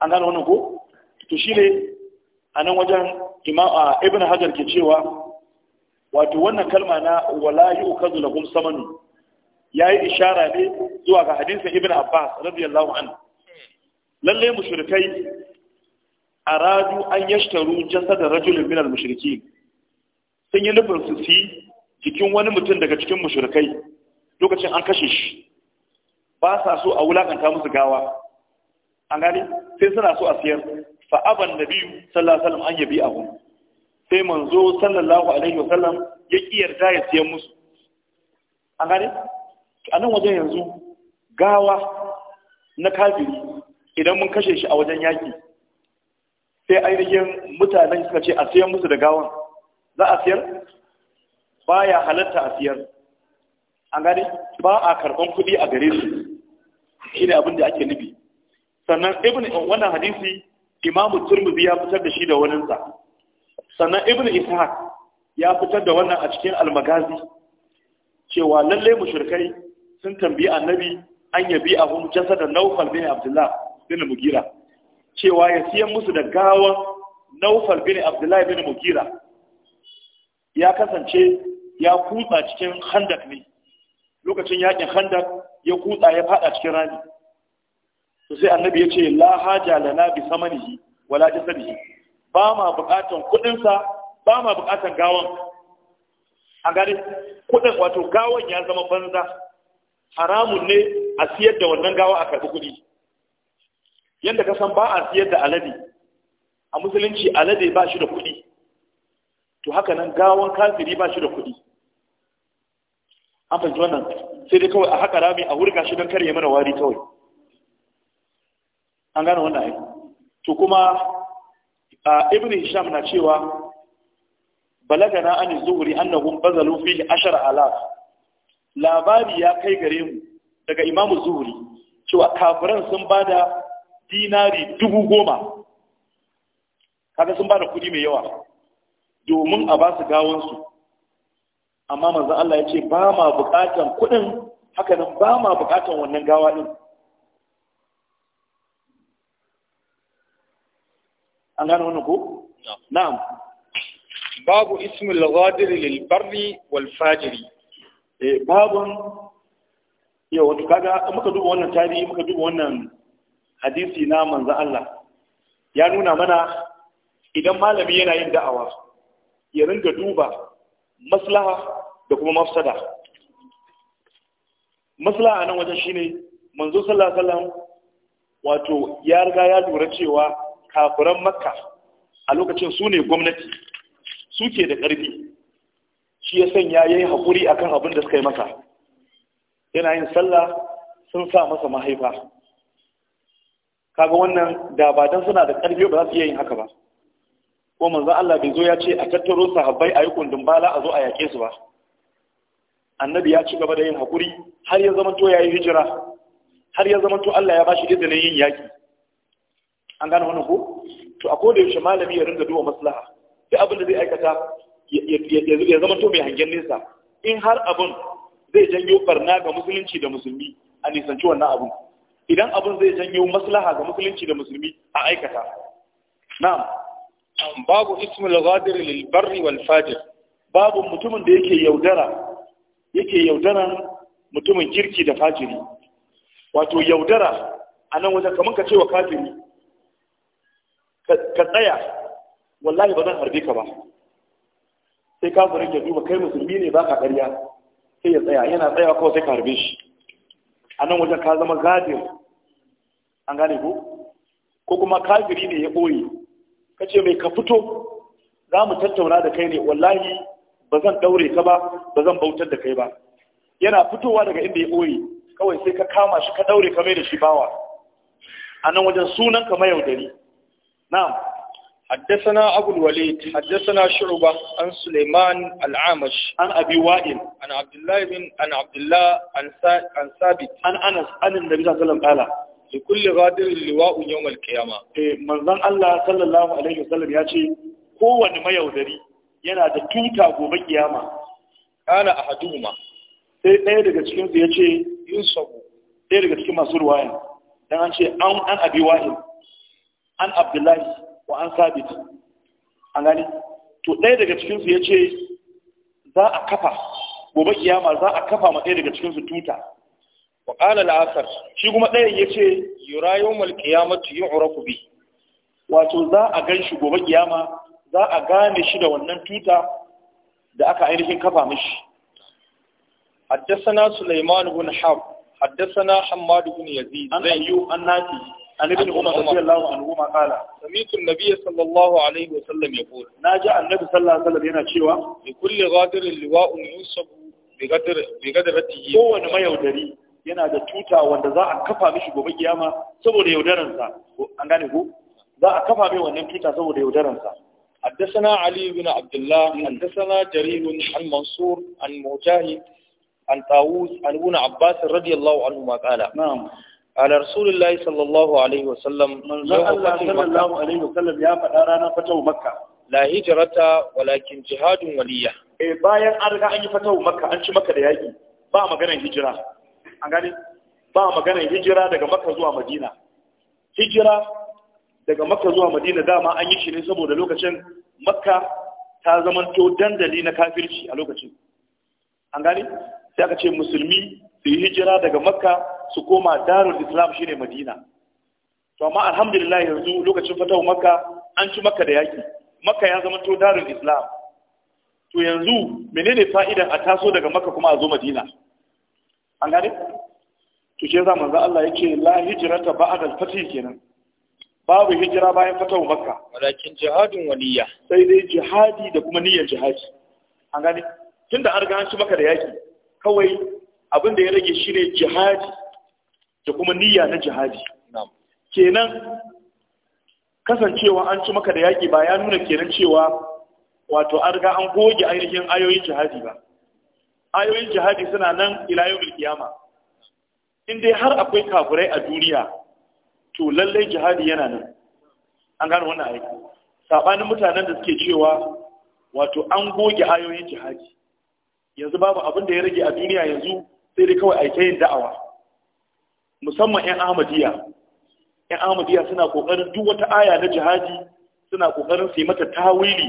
an gane wannan ko to shi ne a nan wajen ibn hajar ke cewa wato wannan kalma na wala yu'khadhu lahum samanu yayi ishara ne zuwa ga hadisin ibn abbas radiyallahu anhu lalle mushrikai aradu an yashtaru jasadar rajulin min al-mushriki sun yi nufin su fi jikin wani mutum daga cikin mushrikai lokacin an kashe shi ba sa so a wulakanta musu gawa an gani sai suna so a siyar fa aban nabiyyu sallallahu alaihi wasallam an yabi abu sai manzo sallallahu alaihi Sallam ya kiyarta ya siyan musu an gane a nan wajen yanzu gawa na kafiri idan mun kashe shi a wajen yaki sai ainihin mutanen suka ce a siyan musu da gawan za a siyar ya halatta a siyar an gane ba a karɓan kuɗi a gare su ne abin da ake nufi sannan ibn wannan hadisi imamu turmuzi ya fitar da shi da waninsa sannan ibn ishaq ya fitar da wannan a cikin almagazi cewa lalle mushrikai sun tambayi annabi an yabi abun da naufal bin abdullah bin mugira cewa ya siyan musu da gawan naufal bin abdullah bin mugira ya kasance ya kutsa cikin handak ne lokacin yakin handak ya kutsa ya fada cikin rami to sai annabi ya ce la haja lana bi samanihi wala jasadihi ba ma bukatan kudinsa ba ma bukatan gawan a gari kudin wato gawan ya zama banza haramun ne a siyar da wannan gawa a karbi kudi yadda ka san ba a siyar da alade a musulunci alade ba shi da kudi to haka nan gawan kafiri ba shi da kudi an fahimci wannan sai dai kawai a haka rami a wurga shi don kare mana wari kawai an gane wannan aiki to kuma ibn hisham na cewa balagana an zuhuri annahum bazalu fihi ashar alaf labari ya kai gare mu daga imam zuhuri cewa kafiran sun bada dinari dubu goma kaga sun bada kudi mai yawa domin a ba su gawansu amma manzan Allah ya ce ba ma bukatan kudin nan ba ma bukatan wannan gawa din an gane wannan ko na'am babu ismin lagadiri lil walfajiri wal fajiri eh, babun yau wata kaga muka duba wannan tarihi muka duba wannan hadisi na manza Allah ya nuna mana idan malami yana yin da'awa ya ringa duba maslaha da kuma mafsada maslaha nan wajen shine manzo sallallahu alaihi wasallam wato ya riga ya lura cewa kafiran makka a lokacin su ne gwamnati suke da ƙarfi shi ya sanya ya yi haƙuri a kan abin da suka yi masa yana yin sallah sun sa masa mahaifa kaga wannan da ba don suna da ƙarfi ba za su iya yin haka ba ko manzo Allah bai zo ya ce a tattaro sahabbai a yi kundin bala a zo a yaƙe su ba annabi ya ci gaba da yin haƙuri har ya zamanto ya yi hijira har ya zamanto Allah ya ba shi izinin yin yaƙi an gane wannan ko to a koda yaushe malami ya ringa duba maslaha duk abin da zai aikata ya zama to mai hangen nesa in har abin zai janyo barna ga musulunci da musulmi a nisanci wannan abin idan abin zai janyo maslaha ga musulunci da musulmi a aikata na'am babu ismul ghadir lil barri wal fajir babu mutumin da yake yaudara yake yaudaran mutumin kirki da fajiri wato yaudara a nan wajen kamar ka ce wa kafiri ka tsaya wallahi ba zan harbe ka ba sai zuri ke duba kai musulmi ne ba ka ƙarya sai ya tsaya yana tsaya kawai sai ka harbe shi a nan wajen ka zama gadir an gane ko ko kuma kafiri ne ya ɓoye ka ce mai ka fito za mu tattauna da kai ne wallahi ba zan ɗaure ka ba ba zan bautar da kai ba yana fitowa daga inda ya ɓoye kawai sai ka kama shi ka ɗaure ka mai da shi bawa a nan wajen sunan ka mayaudari na'am حدثنا أبو الوليد حدثنا شعبة عن سليمان العامش عن أبي وائل عن عبد الله بن عن عبد الله عن عن ثابت عن أنس عن النبي صلى الله عليه وسلم قال لكل غادر اللواء يوم القيامة من ظن الله صلى الله عليه وسلم يأتي هو ما يودري yana da tuta gobe kiyama kana ahaduhuma sai ɗaya daga cikin su yace yusufu ɗaya daga cikin masu ruwaya dan an ce an an abi wa'il an abdullahi wa an sabit an gani to ɗaya daga cikinsu ya ce za a kafa gobe kiyama za a kafa ma ɗaya daga cikinsu tuta wa ƙala la'asar shi kuma ɗaya ya ce yura yau mal kiyamatu yi ku bi wato za a gan shi gobe kiyama za a gane shi da wannan tuta da aka ainihin kafa mishi حدثنا سليمان بن حرب حدثنا حماد بن يزيد عن أيوب النافي عن ابن عمر رضي الله عنهما قال سمعت النبي صلى الله عليه وسلم يقول ناجى النبي صلى الله عليه وسلم هنا cewa لكل غادر لواء ينصب بقدر بقدرته kowane mayaudari yana da tuta wanda za a kafa mishi gobe kiyama saboda yaudaransa an gane ko za a kafa mai wannan tuta saboda yaudaransa حدثنا علي بن عبد الله حدثنا جرير عن منصور عن مجاهد عن طاووس عن ابن عباس رضي الله عنهما قال نعم ala rasulullahi sallallahu alaihi wasallam manzon Allah sallallahu alaihi wasallam ya faɗa ranar makka walakin eh, bayan an riga an yi fatahu makka an ci makka da yaki ba maganar hijira an gane ba maganar hijira daga makka zuwa madina hijira daga makka zuwa madina dama an yi shi ne saboda lokacin makka ta zamanto dandali na kafirci a lokacin an gane sai aka ce musulmi su yi hijira daga makka su koma darul islam shine madina to amma alhamdulillah yanzu lokacin fatawa makka an ci makka da yaki makka ya zama to darul islam to yanzu menene fa'idan a taso daga makka kuma a zo madina an gane to shi yasa manzo Allah yake la hijrata ba'da al-fatih kenan babu hijira bayan fatawa makka walakin jihadun waliya sai dai jihadi da kuma niyyar jihadi an gane tunda an riga an ci maka da yaki kawai abin da ya rage shi ne jihadi da kuma niyya na jihadi kenan kasancewa an ci maka da yaƙi ba ya nuna kenan cewa wato an riga an goge ainihin ayoyin jihadi ba ayoyin jihadi suna nan ilayen bilkiyama in dai har akwai kafurai a duniya to lallai jihadi yana nan an gano wannan aiki Saɓanin mutanen da suke cewa wato an goge ayoyin jihadi yanzu babu abin da ya rage a duniya yanzu sai dai kawai aikayin da'awa musamman 'yan ahmadiyya 'yan ahmadiyya suna kokarin duk wata aya na jihadi suna kokarin su yi mata tawili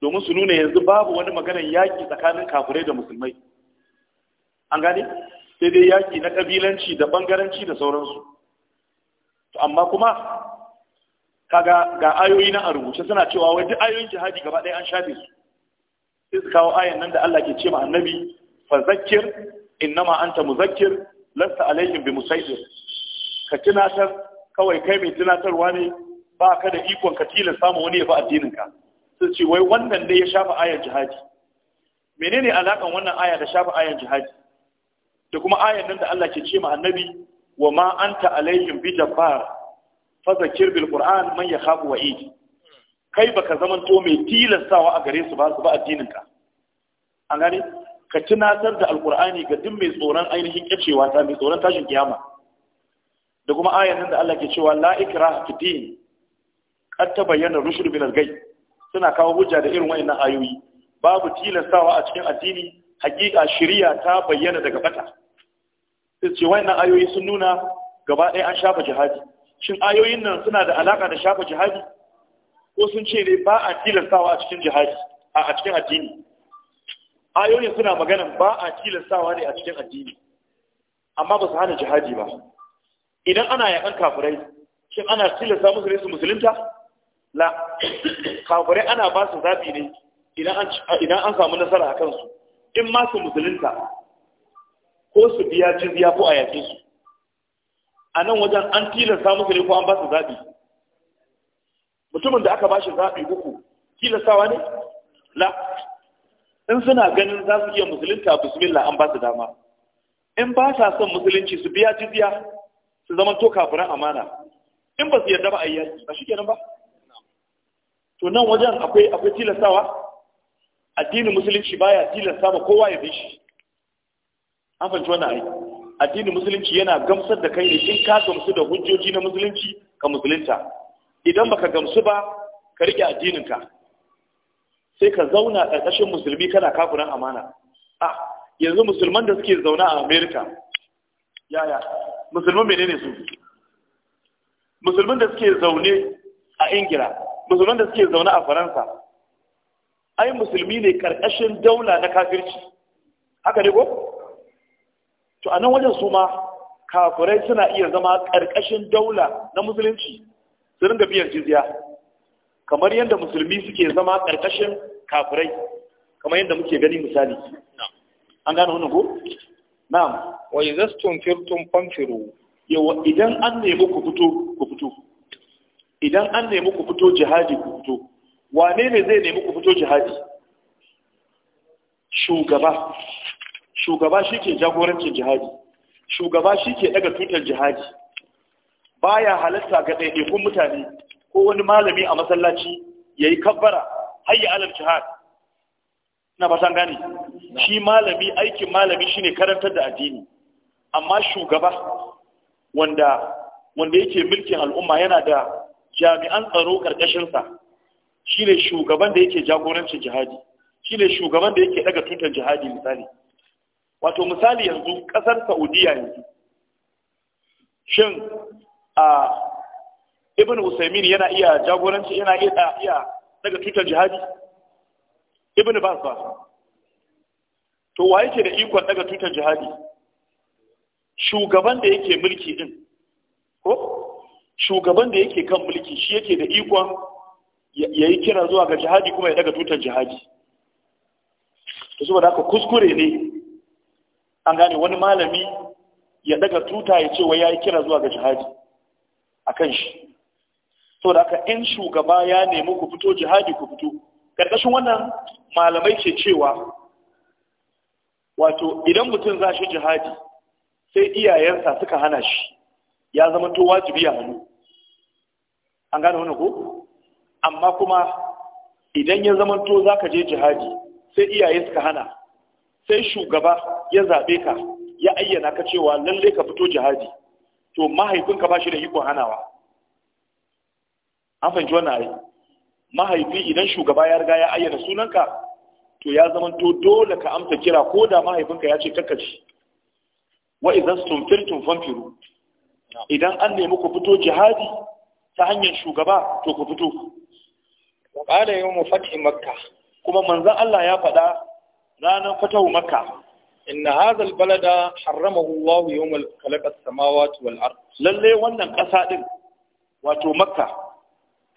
domin su nuna yanzu babu wani maganar yaƙi tsakanin kafirai da musulmai an gane sai dai yaƙi na kabilanci da ɓangaranci da sauransu To amma kuma kaga ga ayoyi na a rubuce suna cewa wai duk ayoyin jihadi gaba ɗaya an shafe su sai su kawo ayan nan da Allah ke ce ma annabi fa zakkir innama anta muzakkir lasta alaikin bi musaidir ka tunatar kawai kai mai tunatarwa ne ba ka da ikon ka tilin samun wani ya fi addinin ka sun ce wai wannan ne ya shafa ayar jihadi menene alakan wannan aya da shafa ayar jihadi da kuma ayar nan da Allah ke ce ma annabi wa ma anta alaihim bi jabbar fa zakir bil qur'an man yakhafu wa'id kai baka zamanto mai tilastawa a gare su ba su ba addinin ka an gane ka tunatar da alkur'ani ga duk mai tsoron ainihin kyacewa ta mai tsoron tashin kiyama da kuma ayan da Allah ke cewa la ikraha fi din qad tabayyana rushd min al gai suna kawo hujja da irin wayannan ayoyi babu tilastawa a cikin addini hakika shari'a ta bayyana daga bata sai ce wayannan ayoyi sun nuna gaba ɗaya an shafa jihadi shin ayoyin nan suna da alaka da shafa jihadi ko sun ce ne ba a tilastawa a cikin jihadi a cikin addini ayoyin suna maganan ba a tilastawa ne a cikin addini amma ba su hana jihadi ba idan ana yakan kafirai shin ana tilasta musu ne su musulunta la kafirai ana ba su zaɓi ne idan an samu nasara a kansu in ma su musulunta ko su biya jizya ko a yaƙe su a nan wajen an tilasta musu ne ko an ba su zaɓi mutumin da aka ba shi zaɓi uku tilastawa ne la in suna ganin za su iya musulunta bismillah an ba su dama in ba sa son musulunci su biya jizya su zama to kafiran amana in ba su yarda ba a yaki ba shikenan ba to nan wajen akwai akwai tilastawa addinin musulunci baya tilasta ba kowa ya bi shi an fahimci wannan ai addinin musulunci yana gamsar da kai ne in ka gamsu da hujjoji na musulunci ka musulunta idan baka gamsu ba ka rike addininka sai ka zauna ƙarƙashin musulmi kana kafiran amana ah yanzu musulman da suke zauna a Amerika. yaya musulman menene su musulman da suke zaune a ingila musulman da suke zaune a faransa ai musulmi ne ƙarƙashin daula na kafirci haka ne ko to a nan wajen su ma kafirai suna iya zama ƙarƙashin daula na musulunci su ringa biyan jizya kamar yadda musulmi suke zama ƙarƙashin kafirai kamar yadda muke gani misali an gane wani ko na'am wa zastun firtun fanfiro yawa idan an nemi ku fito ku fito idan an nemi ku fito jihadi ku fito wane ne zai nemi ku fito jihadi shugaba shugaba shi ke jagorancin jihadi shugaba shi ke daga tutar jihadi baya halatta ga ɗaiɗaikun mutane ko wani malami a masallaci ya yi kabbara hayi alal jihad na ba san shi malami aikin malami shine karantar da addini amma shugaba wanda wanda yake mulkin al'umma yana da jami'an tsaro karkashinsa shine shugaban da yake jagorancin jihadi shine shugaban da yake daga tutar jihadi misali wato misali yanzu kasar saudiya yanzu shin a ibn usaimin yana iya jagoranci yana iya iya daga tutar jihadi ibn bas ba to wa yake da ikon daga tutar jihadi shugaban da yake mulki din ko shugaban da yake kan mulki shi yake da ikon ya yi kira zuwa ga jihadi kuma ya daga tutar jihadi to saboda haka kuskure ne an gane wani malami ya daga tuta ya ce wai ya yi kira zuwa ga jihadi a kan shi saboda haka in shugaba ya nemi ku fito jihadi ku fito karkashin wannan malamai ke cewa wato idan mutum za shi jihadi sai iyayensa suka hana shi ya zama to wajibi a hannu an gane wani ko amma kuma idan ya zama to za ka je jihadi sai iyaye suka hana sai shugaba ya zaɓe ka ya ayyana ka cewa lalle ka fito jihadi to mahaifinka ba shi da ikon hanawa an fahimci wannan ayi mahaifi idan shugaba ya riga ya ayyana sunanka to ya zama to dole ka amsa kira ko da mahaifinka ya ce kakkaci wa idan stumfirtum fanfiru idan an nemi ku fito jihadi ta hanyar shugaba to ku fito wa qala yawmu fathi makka kuma manzon Allah ya faɗa ranar fatahu makka inna hadha albalada harramahu Allah yawm khalaqa samawati wal ard lalle wannan ƙasa ɗin wato makka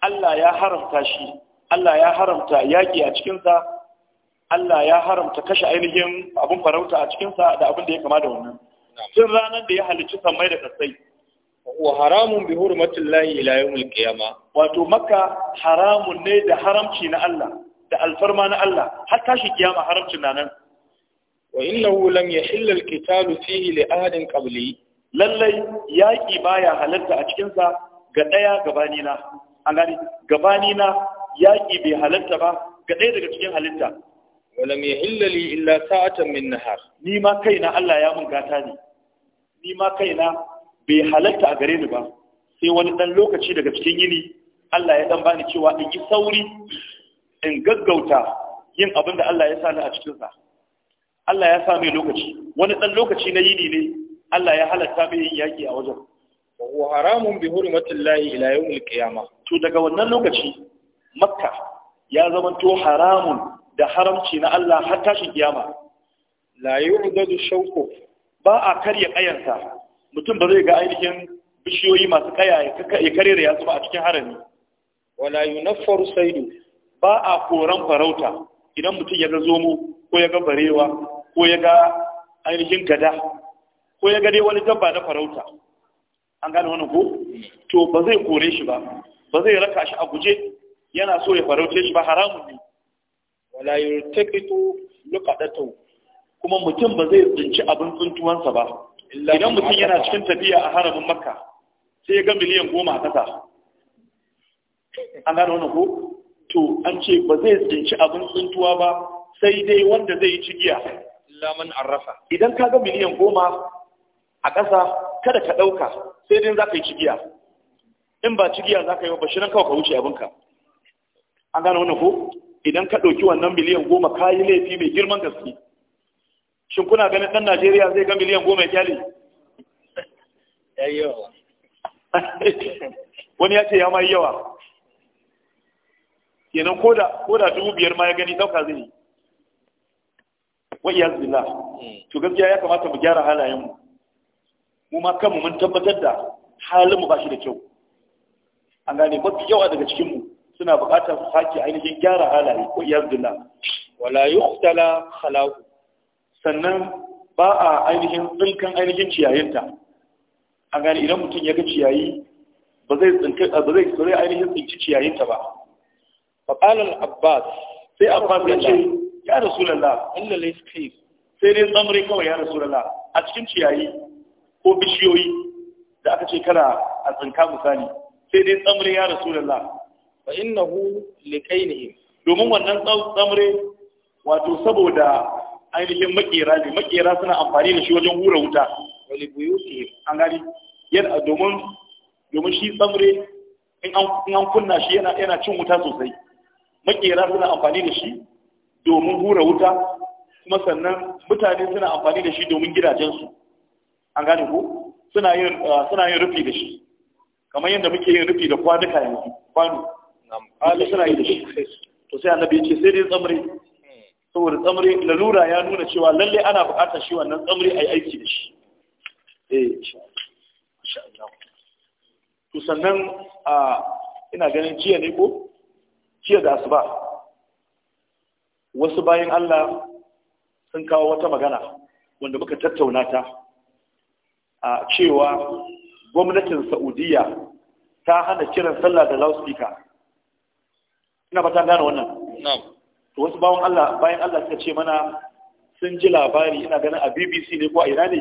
Allah ya haramta shi Allah ya haramta yaƙi a cikinsa Allah ya haramta kashe ainihin abin farauta a cikinsa da abin da ya kama da wannan tun ranar da ya halicci sammai da kasai wa haramun bi hurmatin lahi ila wato maka haramun ne da haramci na Allah da alfarma na Allah har tashi kiyama haramcin na nan wa innahu lam yahill al-qitalu fihi li ahadin qabli lallai yaƙi baya halarta a cikinsa ga ɗaya gabanina an gabani na yaƙi bai halatta ba ga ɗaya daga cikin halitta wala mai hillali illa sa'atan min nahar ni ma kaina Allah ya mun gata ne ni ma kaina bai halatta a gare ni ba sai wani dan lokaci daga cikin yini Allah ya dan bani cewa in yi sauri in gaggauta yin abin da Allah ya sa a cikin sa Allah ya sa lokaci wani dan lokaci na yini ne Allah ya halatta mai yin yaki a wajen wa haramun bi lahi ila yawmil qiyamah to daga wannan lokaci makka ya zama zamanto haramun da haramci na Allah har tashi kiyama la yu'dadu shawqu ba a karya kayansa mutum ba zai ga ainihin bishiyoyi masu kaya ya kare da yasu ba a cikin harami wala yunaffaru saydu ba a koran farauta idan mutum ya ga zomo ko ya ga barewa ko ya ga ainihin gada ko ya ga dai wani dabba na farauta an gane wani ko to ba zai kore shi ba ba zai raka shi a guje yana so ya farauce shi ba haramun ne wala yurtaqitu luqadatu kuma mutum ba zai tsinci abin tsuntuwansa ba idan mutum yana cikin tafiya a haramin makka sai ya ga miliyan goma a kasa an gane wani ko to an ce ba zai tsinci abin tsuntuwa ba sai dai wanda zai yi cigiya idan ka ga miliyan goma a ƙasa kada ka ɗauka sai dai za ka yi cigiya in ba cigiya za ka yi ba shi nan kawai ka wuce abinka an gano wannan ko idan ka ɗauki wannan miliyan goma ka yi laifi mai girman gaske shin kuna ganin ɗan najeriya zai ga miliyan goma ya kyale wani ya ce ya ma yi yawa kenan ko da dubu biyar ma ya gani ɗauka zai yi wa iya zila hmm. to gaskiya ya kamata mu gyara halayenmu mu ma kanmu mun tabbatar da halin mu ba shi da kyau an gane mafi yawa daga cikin mu suna buƙatar su sake ainihin gyara halaye ko iyaz billah wala yuqtala khalahu sannan ba a ainihin tsinkan ainihin ciyayinta an gane idan mutum ya ga ciyayi ba zai tsinka ba zai tsore ainihin tsinci ciyayinta ba fa qala abbas sai abbas ya ce ya rasulullah illa lays kayf sai dai tsamri kawai ya rasulullah a cikin ciyayi ko bishiyoyi da aka ce kada a tsinka misali sai dai tsamre ya rasulullah fa innahu ne. domin wannan tsamre wato saboda ainihin makera ne makera suna amfani da shi wajen hura wuta wali buyutihim an gani yana domin domin shi tsamre in an kunna shi yana yana cin wuta sosai makera suna amfani da shi domin hura wuta kuma sannan mutane suna amfani da shi domin gidajensu an gane ku suna yin uh, suna yin rufi da shi kamar yadda muke yin rufi da kwanuka yanzu kwano kwano suna yi da shi to sai annabi ya ce sai dai tsamri saboda tsamri lalura ya nuna cewa lalle ana buƙatar shi wannan tsamri a yi aiki da shi eh insha Allah to sannan a ina ganin jiya ne ko jiya da asuba wasu bayan Allah sun kawo wata magana wanda muka tattauna ta a cewa gwamnatin saudiya ta hana kiran sallah da loudspeaker ina ba ta gane wannan to wasu bayan allah bayan allah suka ce mana sun ji labari ina ganin a bbc ne ko a ina ne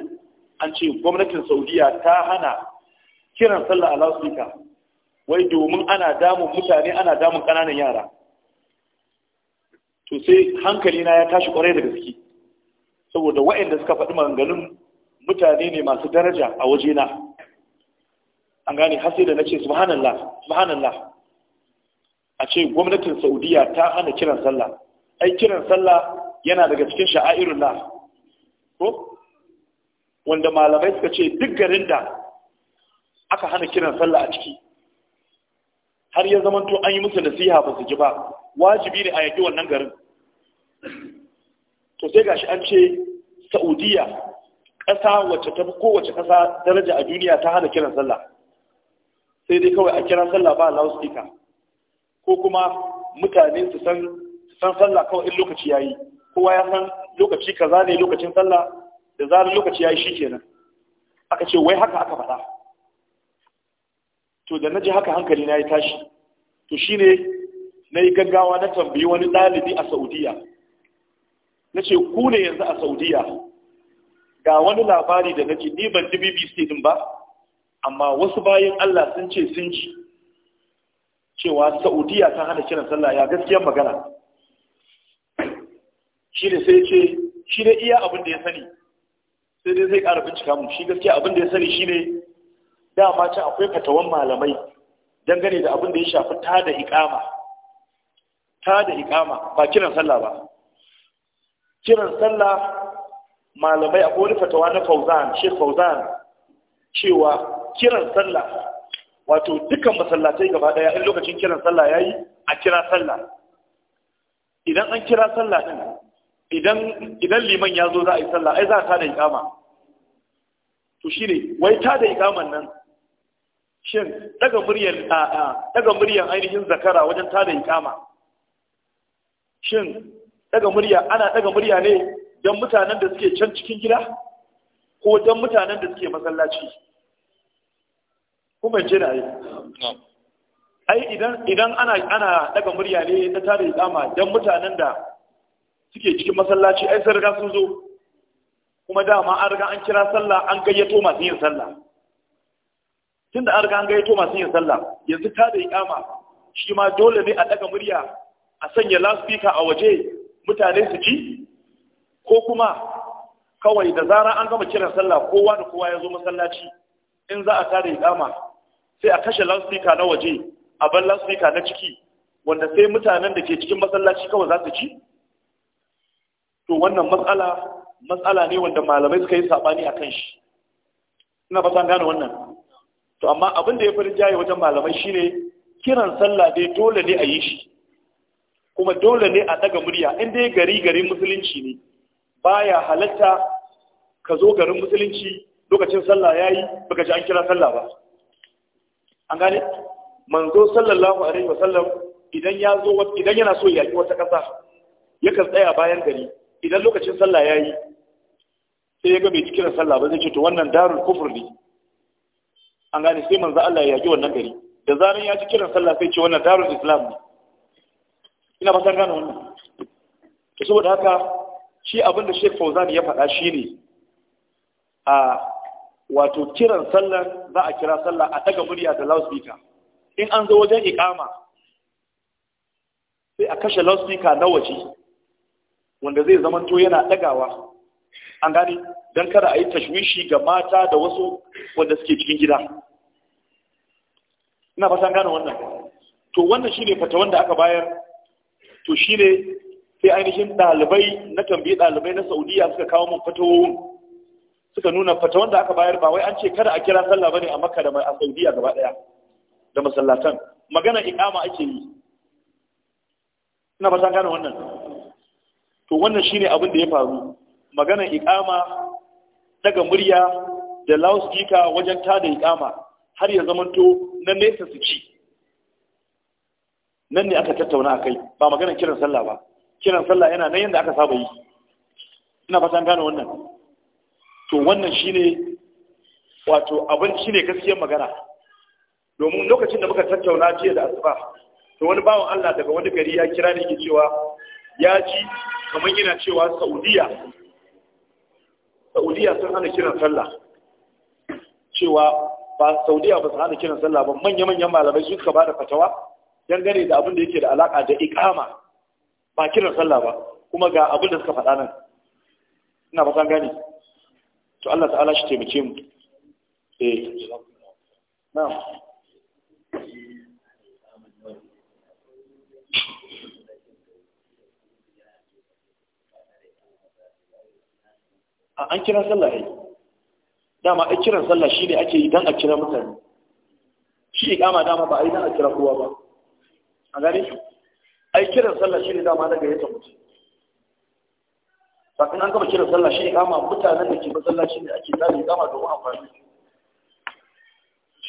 an ce gwamnatin saudiya ta hana kiran sallah a loudspeaker wai domin ana damun mutane ana damun kananan yara to sai hankali na ya tashi kwarai da gaske saboda waɗanda suka faɗi maganganun mutane ne masu daraja a waje na. an gane hasi da nace ce subhanallah subhanallah a ce gwamnatin saudiya ta hana kiran sallah ai kiran sallah yana daga cikin sha'airullah ko wanda malamai suka ce duk garin da aka hana kiran sallah a ciki har ya to an yi musu nasiha ba su ji ba wajibi ne a yaki wannan garin to sai gashi an ce saudiya ƙasa wacce ta fi kowace ƙasa daraja a duniya ta hana kiran sallah sai dai kawai a kiran sallah ba lausika ko kuma mutane su san sallah kawai in lokaci yi kowa ya san lokaci kaza ne lokacin sallah da zarar lokaci ya yayi shikenan aka ce wai haka aka faɗa to da na ji haka hankali na yi tashi to shine na yi gaggawa na tambayi wani ɗalibi a saudiya na ce ku ne yanzu a saudiya ga wani labari da nake ni ban ji BBC din ba amma wasu bayan Allah sun ce sun ji cewa Saudiya ta hana kiran sallah ya gaskiya magana shi da sai ce shi ne iya abin da ya sani sai dai zai ƙara bincika mu shi gaskiya abin da ya sani shi ne dama can akwai fatawan malamai dangane da abin da ya shafi ta da ta da ikama ba kiran sallah ba kiran sallah malamai akwai wani fatawa na fauzan shi fauzan cewa kiran sallah wato dukkan masallatai gaba daya in lokacin kiran sallah yayi a kira sallah idan an kira sallah din idan idan liman ya zo za a yi sallah ai za ta da iqama to shine wai tada iqaman nan shin daga muryar a'a daga muryar ainihin zakara wajen tada iqama shin daga murya ana daga murya ne don mutanen da suke can cikin gida ko don mutanen da suke masallaci kuma ce da yi ai idan ana ana daga murya ne ta tare kama don mutanen da suke cikin masallaci ai sarga riga sun zo kuma dama an riga an kira sallah an gayyato masu yin sallah tun da an riga an gayyato masu yin sallah yanzu ta da ikama shi ma dole ne a daga murya a sanya laspika a waje mutane su ji ko kuma kawai da zarar an gama kiran sallah kowa da kowa ya zo masallaci in za a tare dama sai a kashe loudspeaker na waje a bar loudspeaker na ciki wanda sai mutanen da ke cikin masallaci kawai za su ci to wannan matsala matsala ne wanda malamai suka yi sabani kan shi ina ba san gane wannan to amma abin da ya fi rinjaye wajen malamai shine kiran sallah dai dole ne a yi shi kuma dole ne a daga murya in dai gari gari musulunci ne baya halatta ka zo garin musulunci lokacin sallah yayi baka ji an kira sallah ba an gane manzo sallallahu alaihi wasallam idan ya zo idan yana so yi wata ƙasa yakan tsaya bayan gari idan lokacin sallah yayi sai ya ga bai kira sallah ba zai ce to wannan darul kufur ne an gane sai manzo Allah ya yaki wannan gari da zaran ya ji kiran sallah sai ce wannan darul islam ne ina fatan gane wannan to saboda haka shi abin da Sheikh Fauzan ya faɗa shine a wato kiran sallar za a kira sallah a ɗaga murya da loudspeaker in an zo wajen iqama sai a kashe loudspeaker na waje wanda zai zamanto yana dagawa an gane don kada a yi tashwishi ga mata da wasu wanda suke cikin gida ina fata gane wannan to wannan shine fata wanda aka bayar to shine sai ainihin ɗalibai na tambayi ɗalibai na saudiya suka kawo mun fatawowin suka nuna Fata wanda aka bayar ba wai an ce kada a kira sallah bane a makka da a saudiya gaba ɗaya da masallatan magana iqama ake yi ina ba gane wannan to wannan shine abin da ya faru magana iqama daga murya da lausika wajen tada iqama har ya zamanto na nesa su ci nan ne aka tattauna akai ba maganar kiran sallah ba kiran sallah yana nan yadda aka saba yi ina fatan gane wannan to wannan shine wato abin shine gaskiyar magana domin lokacin da muka tattauna jiya da asuba to wani bawan Allah daga wani gari ya kira ni ke cewa ya ji kamar yana cewa Saudiya Saudiya sun hana kiran sallah cewa ba Saudiya ba su hana kiran sallah ba manya-manyan malamai suka ba da fatawa dangane da abin da yake da alaka da iqama ba kiran sallah ba kuma ga abin da suka faɗa nan ina ba san gane to Allah ta'ala shi taimake mu eh na'am an kira sallah ai dama a kiran sallah shi ne ake yi don a kira mutane shi ikama dama ba a yi don a kira kowa ba a gane ai kiran sallah shi ne dama daga yata mutum sakin an gama kiran sallah shi ne kama mutanen da ke masallaci ne ake tsari kama domin amfani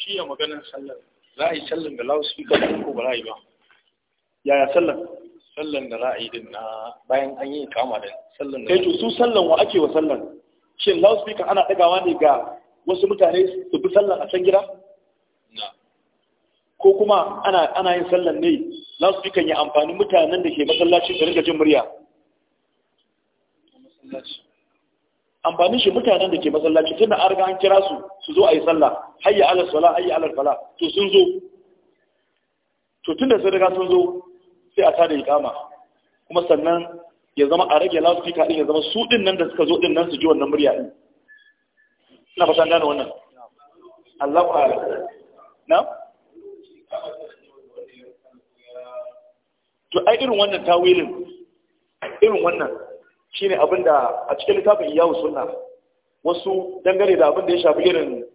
shi ya maganin sallar za a yi sallar da loudspeaker da ko ba za a yi ba yaya sallar sallar da za a yi din na bayan an yi kama da sallar da kai eh, su sallar wa ake wa sallar shin loudspeaker ana ɗagawa ne ga wasu mutane su bi sallar a can gida na ko kuma ana ana yin sallan ne za su kan yi amfani mutanen da ke masallacin da rika jin murya amfanin shi mutanen da ke masallaci tunda an riga an kira su su zo a yi sallah hayya ala sala hayya ala fala to sun zo to da sun riga sun zo sai a tada ikama kuma sannan ya zama a rage loudspeaker din ya zama su din nan da suka zo din nan su ji wannan murya din ina fatan gane wannan Allahu a'lam na'am to ai irin wannan tawilin irin wannan shine abin da a cikin littafin iyawu sunna wasu dangane da abin da ya shafi irin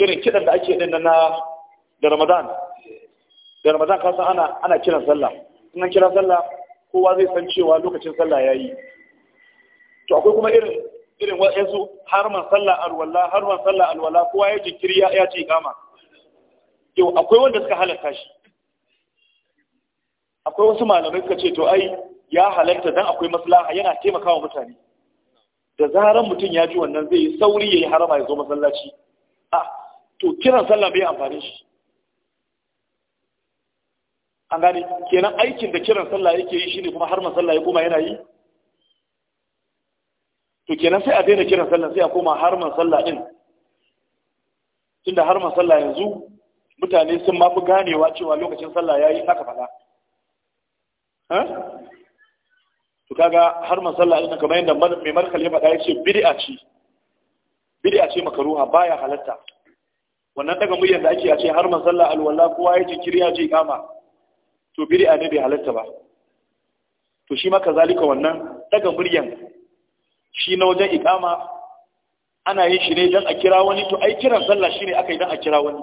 irin kidan da ake din na da Ramadan da Ramadan ka san ana ana kiran sallah in an kira sallah kowa zai san cewa lokacin sallah yayi to akwai kuma irin irin wa'azu man sallah alwala man sallah alwala kowa ya jinkiri ya ya ce kama yau akwai wanda suka halarta shi akwai wasu malamai suka ce to ai ya halatta dan akwai maslaha yana taimakawa mutane da zaran mutum ya ji wannan zai yi sauri ya yi harama ya zo masallaci a to kiran sallah bai amfani shi an gane kenan aikin da kiran sallah yake yi shine kuma har sallah kuma yana yi to kenan sai a daina kiran sallah sai a koma har sallah din tunda har sallah yanzu mutane sun mafi ganewa cewa lokacin sallah yayi haka fa to kaga har masalla ina kamar yadda mai markal ya faɗa ya ce bid'a ce bid'a ce makaruha baya halatta wannan daga muryar da ake a ce har masalla alwala kowa ya jinkiri ya je kama to bid'a ne bai halatta ba to shi maka zalika wannan daga muryan shi na wajen ikama ana yin shi ne dan a kira wani to ai kiran sallah shi ne aka yi a kira wani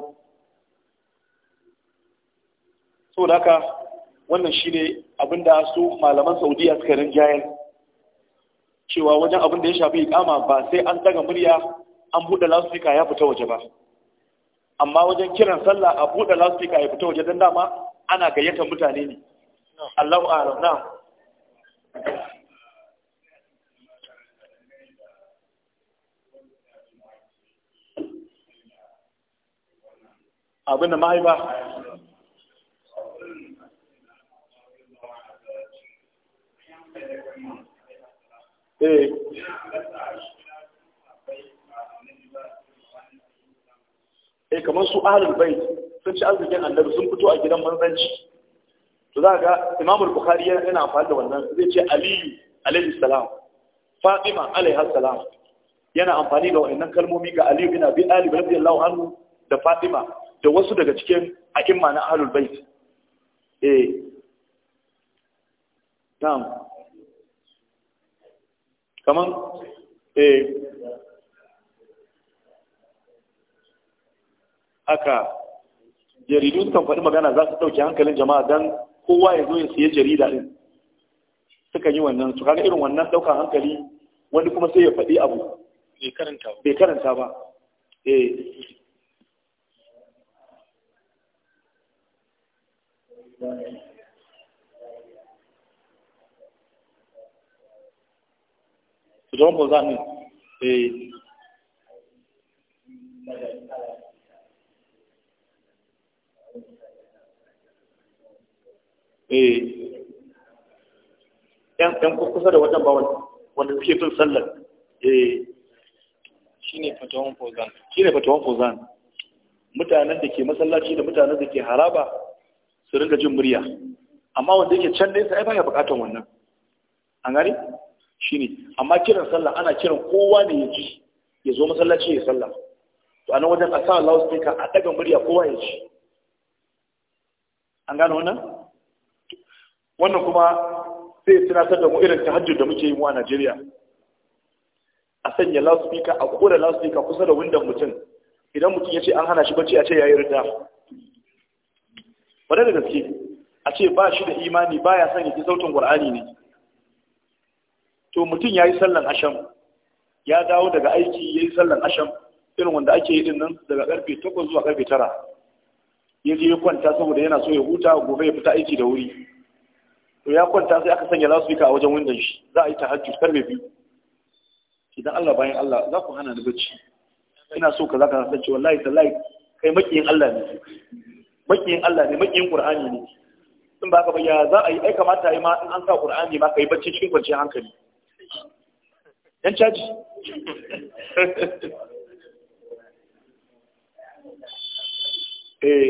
saboda haka wannan shine abin da su malaman saudiya suka rinjayar cewa wajen abin da ya shafi ikama ba sai an daga murya an buɗe lasfika ya fita waje ba amma wajen kiran sallah a buɗe lasfika ya fita waje don dama ana gayyatar mutane ne Allahu a'lam na abin da mahaifa Eh. eh kamar su ahlul bait sun ci arzikin annabi sun fito a gidan manzanci to za ga imamul bukhari yana amfani da wannan zai ce aliyu alaihi salam fatima alayhi salam yana amfani da wannan kalmomi ga aliyu bin abi talib radiyallahu anhu da fatima da wasu daga cikin a'imma na ahlul bait eh kaman eh aka jaridu kan faɗi magana za su ɗauki hankalin jama'a don kowa ya zo ya siya jarida ɗin suka yi wannan su kaga irin wannan ɗaukar hankali wani kuma sai ya faɗi abu bai karanta ba eh don ba za ni eh eh yan kusa da wajen ba wanda suke fin sallar eh shine fatawan fozan shine fatawan fozan mutanen da ke masallaci da mutanen da ke haraba su ringa jin murya amma wanda yake can nesa ai baya bukatan wannan an gani ne, amma kiran sallah ana kiran kowa ne ya ji ya zo masallaci ya sallah to anan wajen a sa loudspeaker a daga murya kowa ya ji an gano wannan wannan kuma sai tunatar da mu irin tahajjud da muke yi mu a Najeriya a sanya loudspeaker a kura loudspeaker kusa da windon mutum idan mutum ya ce an hana shi bacci a ce ya yi rida wadda da gaske a ce ba shi da imani ba ya sanya ki sautin ƙwar'ani ne to mutum ya yi sallan asham ya dawo daga aiki ya yi sallan asham irin wanda ake yi nan daga karfe 8 zuwa karfe 9 ya je ya kwanta saboda yana so ya huta gobe ya fita aiki da wuri to ya kwanta sai aka sanya lasfika a wajen windon shi za a yi tahajjud karfe biyu idan Allah bayan Allah za ku hana ni bacci ina so ka zaka ka san cewa wallahi tallahi kai makiyin Allah ne makiyin Allah ne makiyin Qur'ani ne in ba ka ba ya za a yi ai kamata ai ma in an sa Qur'ani ma kai bacci cikin kwanciyar hankali yan caji eh.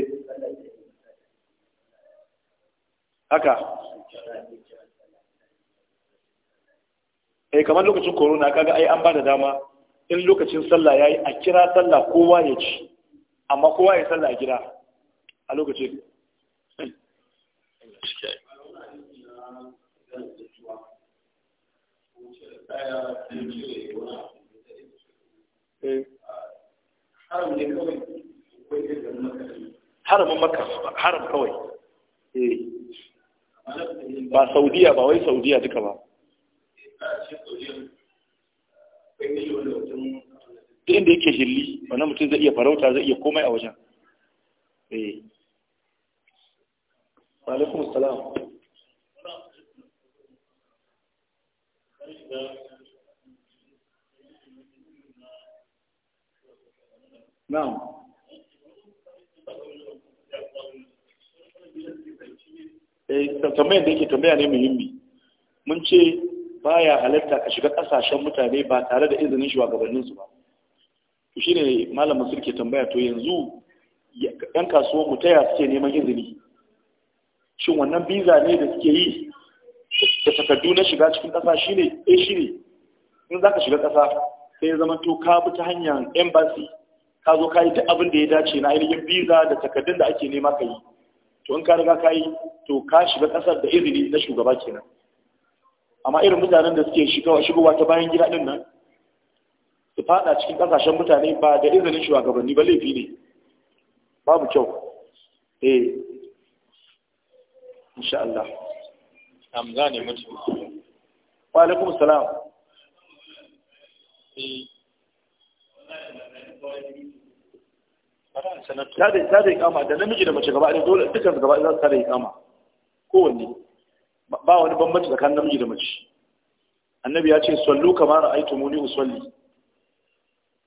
haka eh kamar lokacin corona kaga ai an ba da dama in lokacin sallah yayi a kira sallah kowa ya ci amma kowa ya sallah a gida a lokacin haramin maka haram kawai eh. ba saudiya ba wai saudiya duka ba duk inda yake shilli wani mutum zai iya farauta zai iya komai a wajen eh wa na'am eh tambayar da yake tambaya ne muhimmi mun ce baya halatta ka shiga kasashen mutane ba tare da izinin shugabanninsu ba to shine malamin sulke tambaya to yanzu yan kasuwa mu ta suke neman izini shin wannan biza ne da suke yi da takardu na shiga cikin ƙasa shine eh ne, in za ka shiga ƙasa sai ya zama to ka bi ta hanyar embassy ka zo ka yi duk abin da ya dace na ainihin visa da takardun da ake nema ka yi to in ka riga ka yi to ka shiga ƙasar da izini na shugaba kenan amma irin mutanen da suke shigowa ta bayan gida din nan su faɗa cikin ƙasashen mutane ba da izinin shugabanni ba laifi ne babu kyau eh insha Allah am mutu wa alaikum salam ta da ikama da namiji da mace gaba ɗaya dole dukkan gaba ɗaya za su ta da ikama kowanne ba wani bambanci tsakanin namiji da mace annabi ya ce sallu kamar ra'aytu muni usalli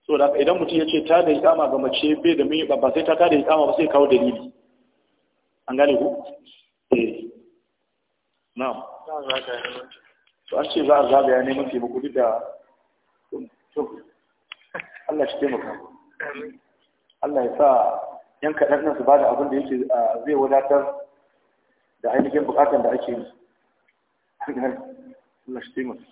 so da idan mutum ya ce ta da ikama ga mace bai da mai ba sai ta ta da ikama ba sai kawo dalili an gane ku eh na'am an ce za a zagaya neman taimako duk da Allah shi taimaka Allah ya sa yan kaɗan nan su ba da abin da yake zai wadatar da ainihin bukatan da ake yi Allah shi taimaka